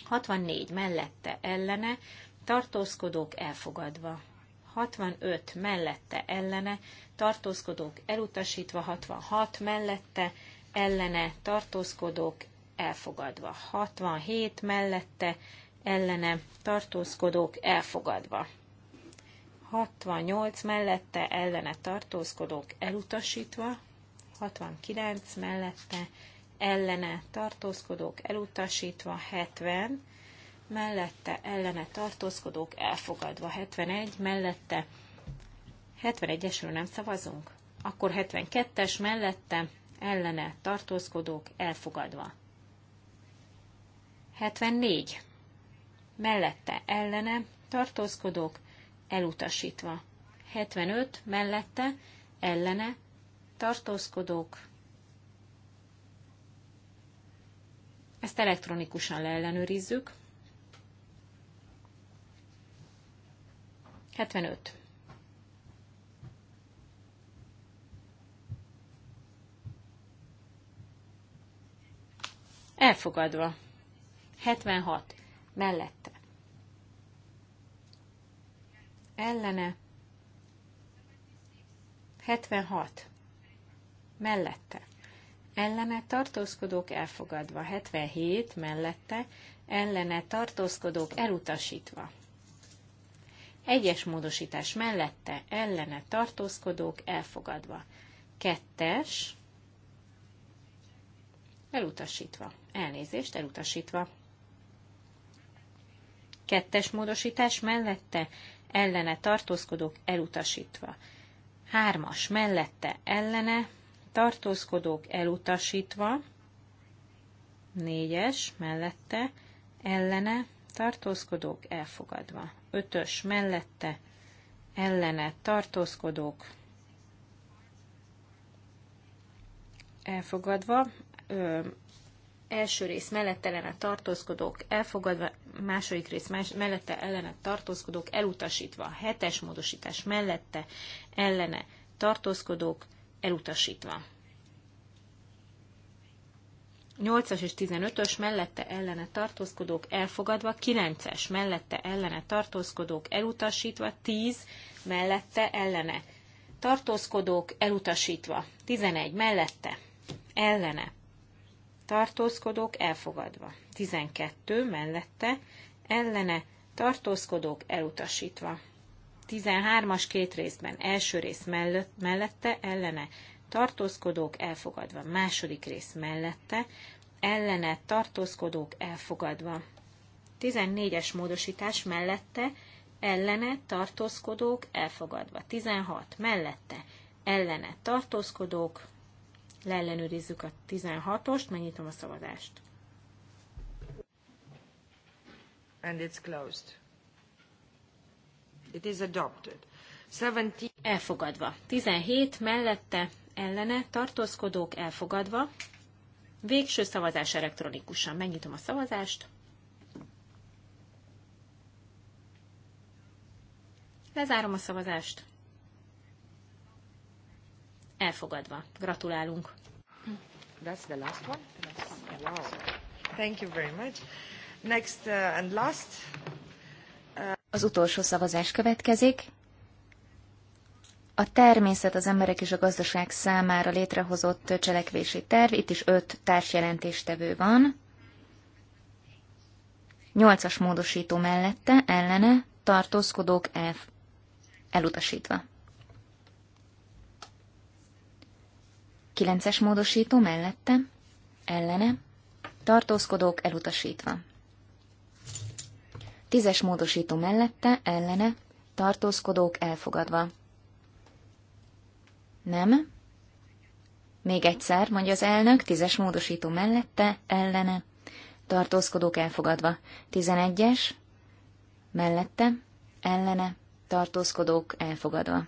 64 mellette ellene tartózkodók elfogadva. 65 mellette ellene, tartózkodók elutasítva, 66 mellette ellene tartózkodók elfogadva. 67 mellette ellene tartózkodók elfogadva. 68 mellette ellene tartózkodók elutasítva. 69 mellette ellene tartózkodók elutasítva. 70 mellette ellene tartózkodók elfogadva. 71 mellette 71-esről nem szavazunk? Akkor 72-es mellette ellene tartózkodók elfogadva. 74. Mellette ellene tartózkodók elutasítva. 75. Mellette ellene tartózkodók. Ezt elektronikusan leellenőrizzük. 75. Elfogadva. 76. Mellette. Ellene. 76. Mellette. Ellene tartózkodók elfogadva. 77. Mellette. Ellene tartózkodók elutasítva. Egyes módosítás mellette. Ellene tartózkodók elfogadva. Kettes. Elutasítva elnézést elutasítva. Kettes módosítás mellette ellene tartózkodók elutasítva. Hármas mellette ellene tartózkodók elutasítva. Négyes mellette ellene tartózkodók elfogadva. Ötös mellette ellene tartózkodók elfogadva. Ö, első rész mellette ellene tartózkodók elfogadva, második rész más, mellette ellene tartózkodók elutasítva, hetes módosítás mellette ellene tartózkodók elutasítva. 8-as és 15-ös mellette ellene tartózkodók elfogadva, 9-es mellette ellene tartózkodók elutasítva, 10 mellette ellene tartózkodók elutasítva, 11 mellette ellene tartózkodók elfogadva. 12 mellette ellene tartózkodók elutasítva. 13-as két részben első rész mellett, mellette ellene tartózkodók elfogadva. Második rész mellette ellene tartózkodók elfogadva. 14-es módosítás mellette ellene tartózkodók elfogadva. 16 mellette ellene tartózkodók leellenőrizzük a 16-ost, megnyitom a szavazást. And it's closed. It is adopted. 17... Elfogadva. 17 mellette ellene tartózkodók elfogadva. Végső szavazás elektronikusan. Megnyitom a szavazást. Lezárom a szavazást. Elfogadva. Gratulálunk. That's the last one? Wow. Thank you very much. Next uh, and last. Uh... Az utolsó szavazás következik. A természet az emberek és a gazdaság számára létrehozott cselekvési terv, itt is öt társjelentéstevő van. Nyolcas módosító mellette, ellene, tartózkodók elf, elutasítva. Kilences módosító mellette, ellene, tartózkodók elutasítva. Tízes módosító mellette, ellene, tartózkodók elfogadva. Nem? Még egyszer, mondja az elnök, tízes módosító mellette, ellene, tartózkodók elfogadva. Tizenegyes, mellette, ellene, tartózkodók elfogadva.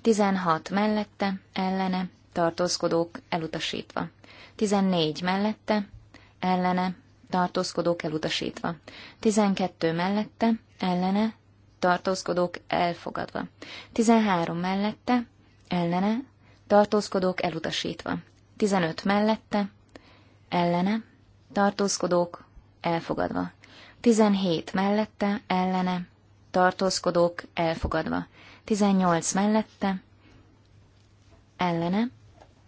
Tizenhat mellette, ellene, tartózkodók elutasítva. 14 mellette, ellene, tartózkodók elutasítva. 12 mellette, ellene, tartózkodók elfogadva. 13 mellette, ellene, tartózkodók elutasítva. 15 mellette, ellene, tartózkodók elfogadva. 17 mellette, ellene, tartózkodók elfogadva. 18 mellette, ellene,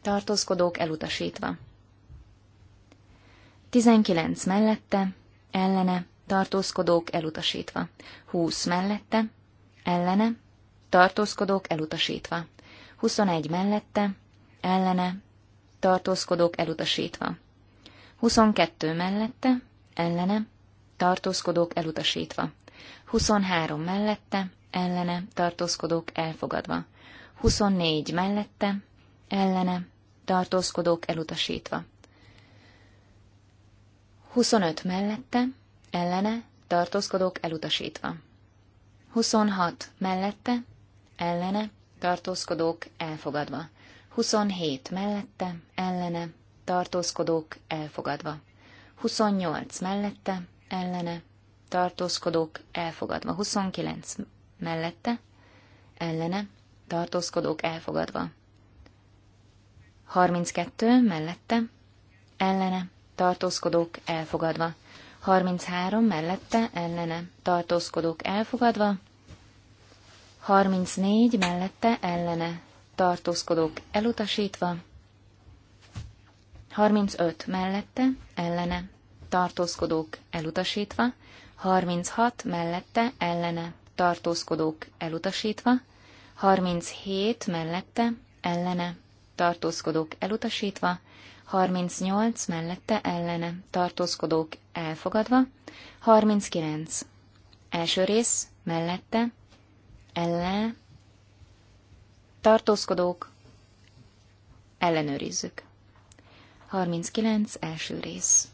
tartózkodók elutasítva. 19 mellette, ellene, tartózkodók elutasítva. 20 mellette, ellene, tartózkodók elutasítva. 21 mellette, ellene, tartózkodók elutasítva. 22 mellette, ellene, tartózkodók elutasítva. 23 mellette, ellene, tartózkodók elfogadva. 24 mellette, ellene, tartózkodók elutasítva. 25 mellette, ellene, tartózkodók elutasítva. 26 mellette, ellene, tartózkodók elfogadva. 27 mellette, ellene, tartózkodók elfogadva. 28 mellette, ellene, tartózkodók elfogadva. 29 mellette, ellene, tartózkodók elfogadva. 32 mellette, ellene, tartózkodók elfogadva. 33 mellette, ellene, tartózkodók elfogadva. 34 mellette, ellene, tartózkodók elutasítva. 35 mellette, ellene, tartózkodók elutasítva. 36 mellette, ellene, tartózkodók elutasítva. 37 mellette, ellene, tartózkodók elutasítva, 38 mellette ellene tartózkodók elfogadva, 39 első rész mellette ellen tartózkodók ellenőrizzük. 39 első rész.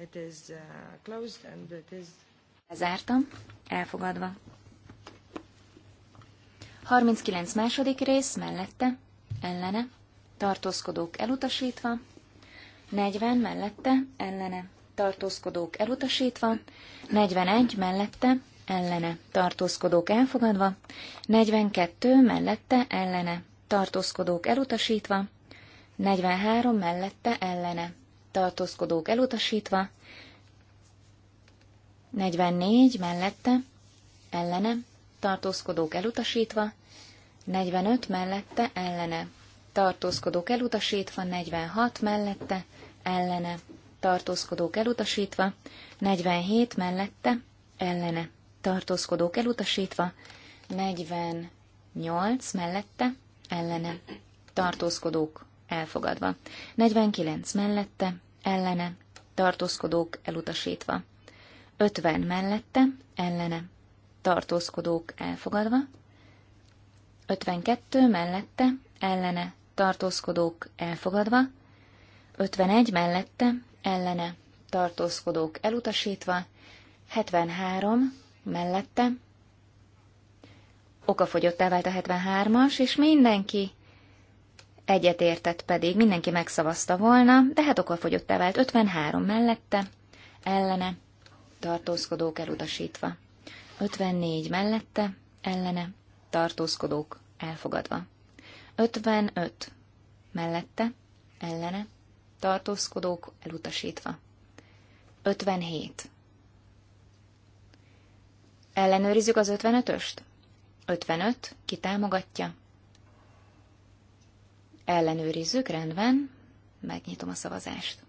It is, uh, closed and it is... Lezártam, elfogadva. 39 második rész mellette, ellene, tartózkodók elutasítva, 40 mellette, ellene, tartózkodók elutasítva, 41 mellette, ellene, tartózkodók elfogadva, 42 mellette, ellene, tartózkodók elutasítva, 43 mellette, ellene, tartózkodók elutasítva, 44 mellette, ellene, tartózkodók elutasítva, 45 mellette ellene, tartózkodók elutasítva, 46 mellette ellene, tartózkodók elutasítva, 47 mellette ellene, tartózkodók elutasítva, 48 mellette ellene, tartózkodók elfogadva, 49 mellette ellene, tartózkodók elutasítva, 50 mellette ellene, tartózkodók elfogadva, 52 mellette, ellene, tartózkodók elfogadva, 51 mellette, ellene, tartózkodók elutasítva, 73 mellette, okafogyottá vált a 73-as, és mindenki egyetértett pedig, mindenki megszavazta volna, de hát okafogyottá vált 53 mellette, ellene, tartózkodók elutasítva. 54 mellette, ellene, tartózkodók elfogadva. 55 mellette, ellene, tartózkodók elutasítva. 57 Ellenőrizzük az 55-öst? 55, ki támogatja? Ellenőrizzük, rendben, megnyitom a szavazást.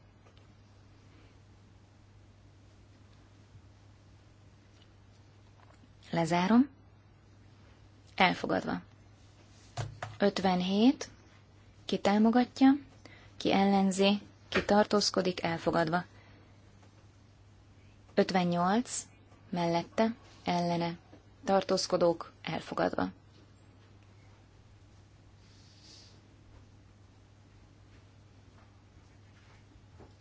Lezárom. Elfogadva. 57. Ki támogatja, ki ellenzi, ki tartózkodik, elfogadva. 58. Mellette, ellene, tartózkodók, elfogadva.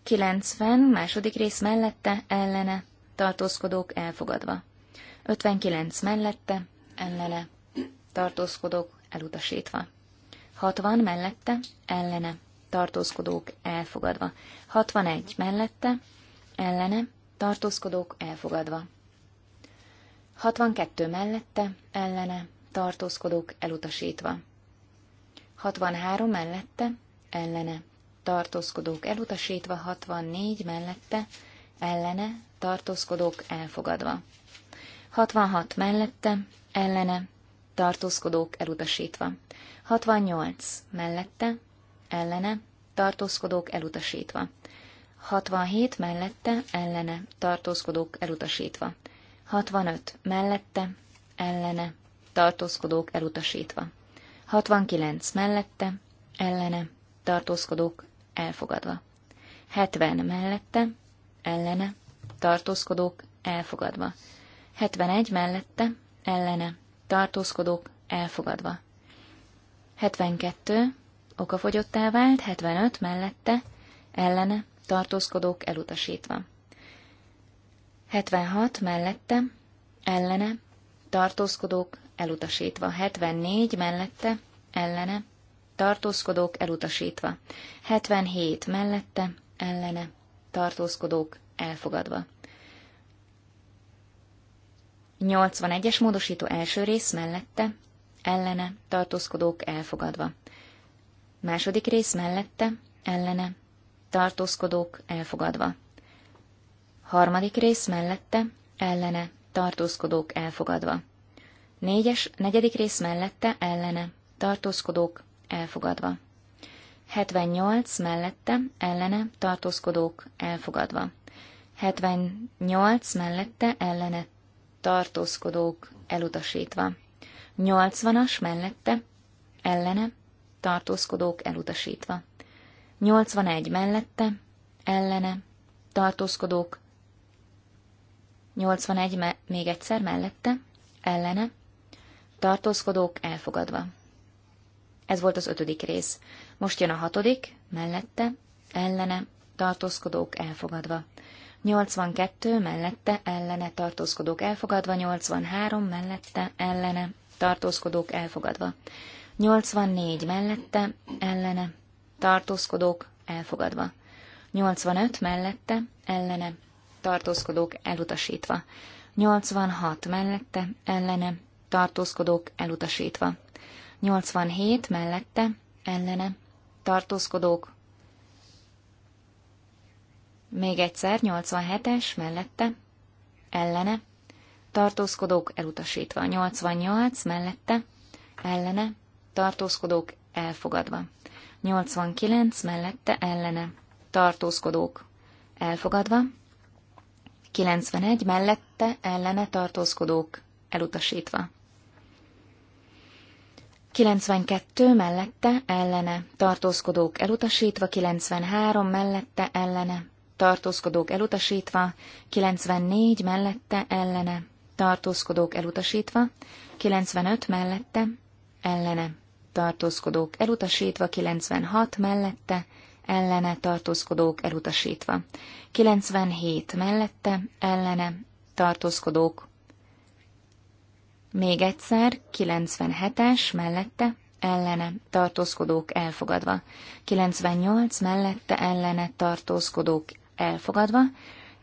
Kilencven, második rész mellette, ellene, tartózkodók elfogadva. 59 mellette, ellene, tartózkodok, elutasítva. 60 mellette, ellene, tartózkodók elfogadva. 61 mellette, ellene, tartózkodók elfogadva. 62 mellette, ellene, tartózkodók elutasítva. 63 mellette, ellene, tartózkodók elutasítva, 64 mellette, ellene, tartózkodók elfogadva. 66 mellette, ellene, tartózkodók elutasítva. 68 mellette, ellene, tartózkodók elutasítva. 67 mellette, ellene, tartózkodók elutasítva. 65 mellette, ellene, tartózkodók elutasítva. 69 mellette, ellene, tartózkodók elfogadva. 70 mellette, ellene, tartózkodók elfogadva. 71 mellette, ellene, tartózkodók elfogadva. 72 okafogyottá vált, 75 mellette, ellene, tartózkodók elutasítva. 76 mellette, ellene, tartózkodók elutasítva. 74 mellette, ellene, tartózkodók elutasítva. 77 mellette, ellene, tartózkodók elfogadva. 81-es módosító első rész mellette, ellene, tartózkodók elfogadva. Második rész mellette, ellene, tartózkodók elfogadva. Harmadik rész mellette, ellene, tartózkodók elfogadva. Négyes, negyedik rész mellette, ellene, tartózkodók elfogadva. 78 mellette, ellene, tartózkodók elfogadva. 78 mellette, ellene, tartózkodók elutasítva. 80-as mellette, ellene, tartózkodók elutasítva. 81 mellette, ellene, tartózkodók. 81 me- még egyszer mellette, ellene, tartózkodók elfogadva. Ez volt az ötödik rész. Most jön a hatodik, mellette, ellene, tartózkodók elfogadva. 82 mellette ellene tartózkodók elfogadva, 83 mellette ellene tartózkodók elfogadva, 84 mellette ellene tartózkodók elfogadva, 85 mellette ellene tartózkodók elutasítva, 86 mellette ellene tartózkodók elutasítva, 87 mellette ellene tartózkodók még egyszer 87-es mellette, ellene, tartózkodók elutasítva. 88 mellette, ellene, tartózkodók elfogadva. 89 mellette, ellene, tartózkodók elfogadva. 91 mellette, ellene, tartózkodók elutasítva. 92 mellette, ellene, tartózkodók elutasítva, 93 mellette, ellene, tartózkodók elutasítva, 94 mellette ellene, tartózkodók elutasítva, 95 mellette ellene, tartózkodók elutasítva, 96 mellette ellene, tartózkodók elutasítva, 97 mellette ellene, tartózkodók. Még egyszer, 97-es mellette ellene tartózkodók elfogadva, 98 mellette ellene tartózkodók elfogadva,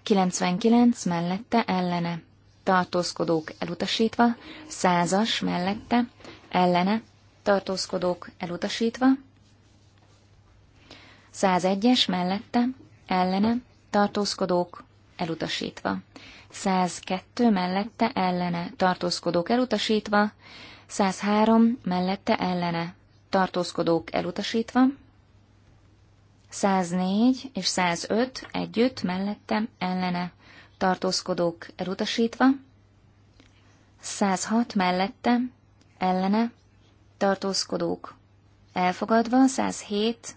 99 mellette ellene, tartózkodók elutasítva, 100 mellette ellene, tartózkodók elutasítva, 101-es mellette ellene, tartózkodók elutasítva, 102 mellette ellene, tartózkodók elutasítva, 103 mellette ellene, tartózkodók elutasítva, 104 és 105 együtt, mellette, ellene, tartózkodók elutasítva, 106 mellette, ellene, tartózkodók elfogadva, 107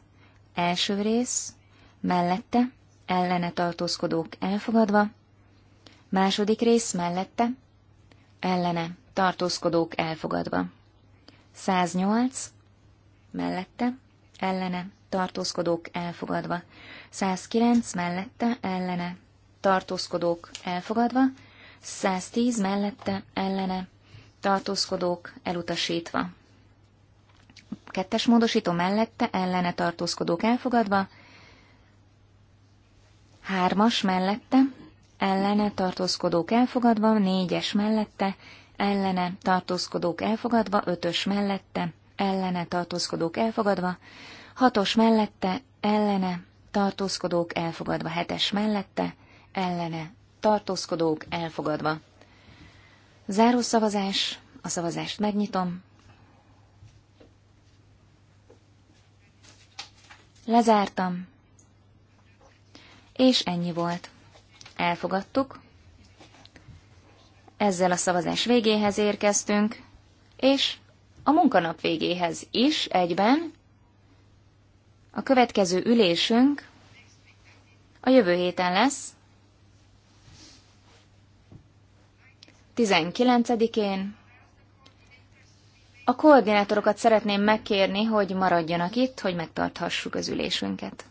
első rész, mellette, ellene tartózkodók elfogadva, második rész mellette, ellene tartózkodók elfogadva, 108 mellette, ellene tartózkodók elfogadva. 109 mellette ellene tartózkodók elfogadva, 110 mellette ellene tartózkodók elutasítva. Kettes módosító mellette ellene tartózkodók elfogadva, hármas mellette ellene tartózkodók elfogadva, négyes mellette ellene tartózkodók elfogadva, ötös mellette ellene tartózkodók elfogadva, Hatos mellette, ellene, tartózkodók elfogadva. Hetes mellette, ellene, tartózkodók elfogadva. Záró szavazás, a szavazást megnyitom. Lezártam. És ennyi volt. Elfogadtuk. Ezzel a szavazás végéhez érkeztünk, és a munkanap végéhez is egyben, a következő ülésünk a jövő héten lesz, 19-én. A koordinátorokat szeretném megkérni, hogy maradjanak itt, hogy megtarthassuk az ülésünket.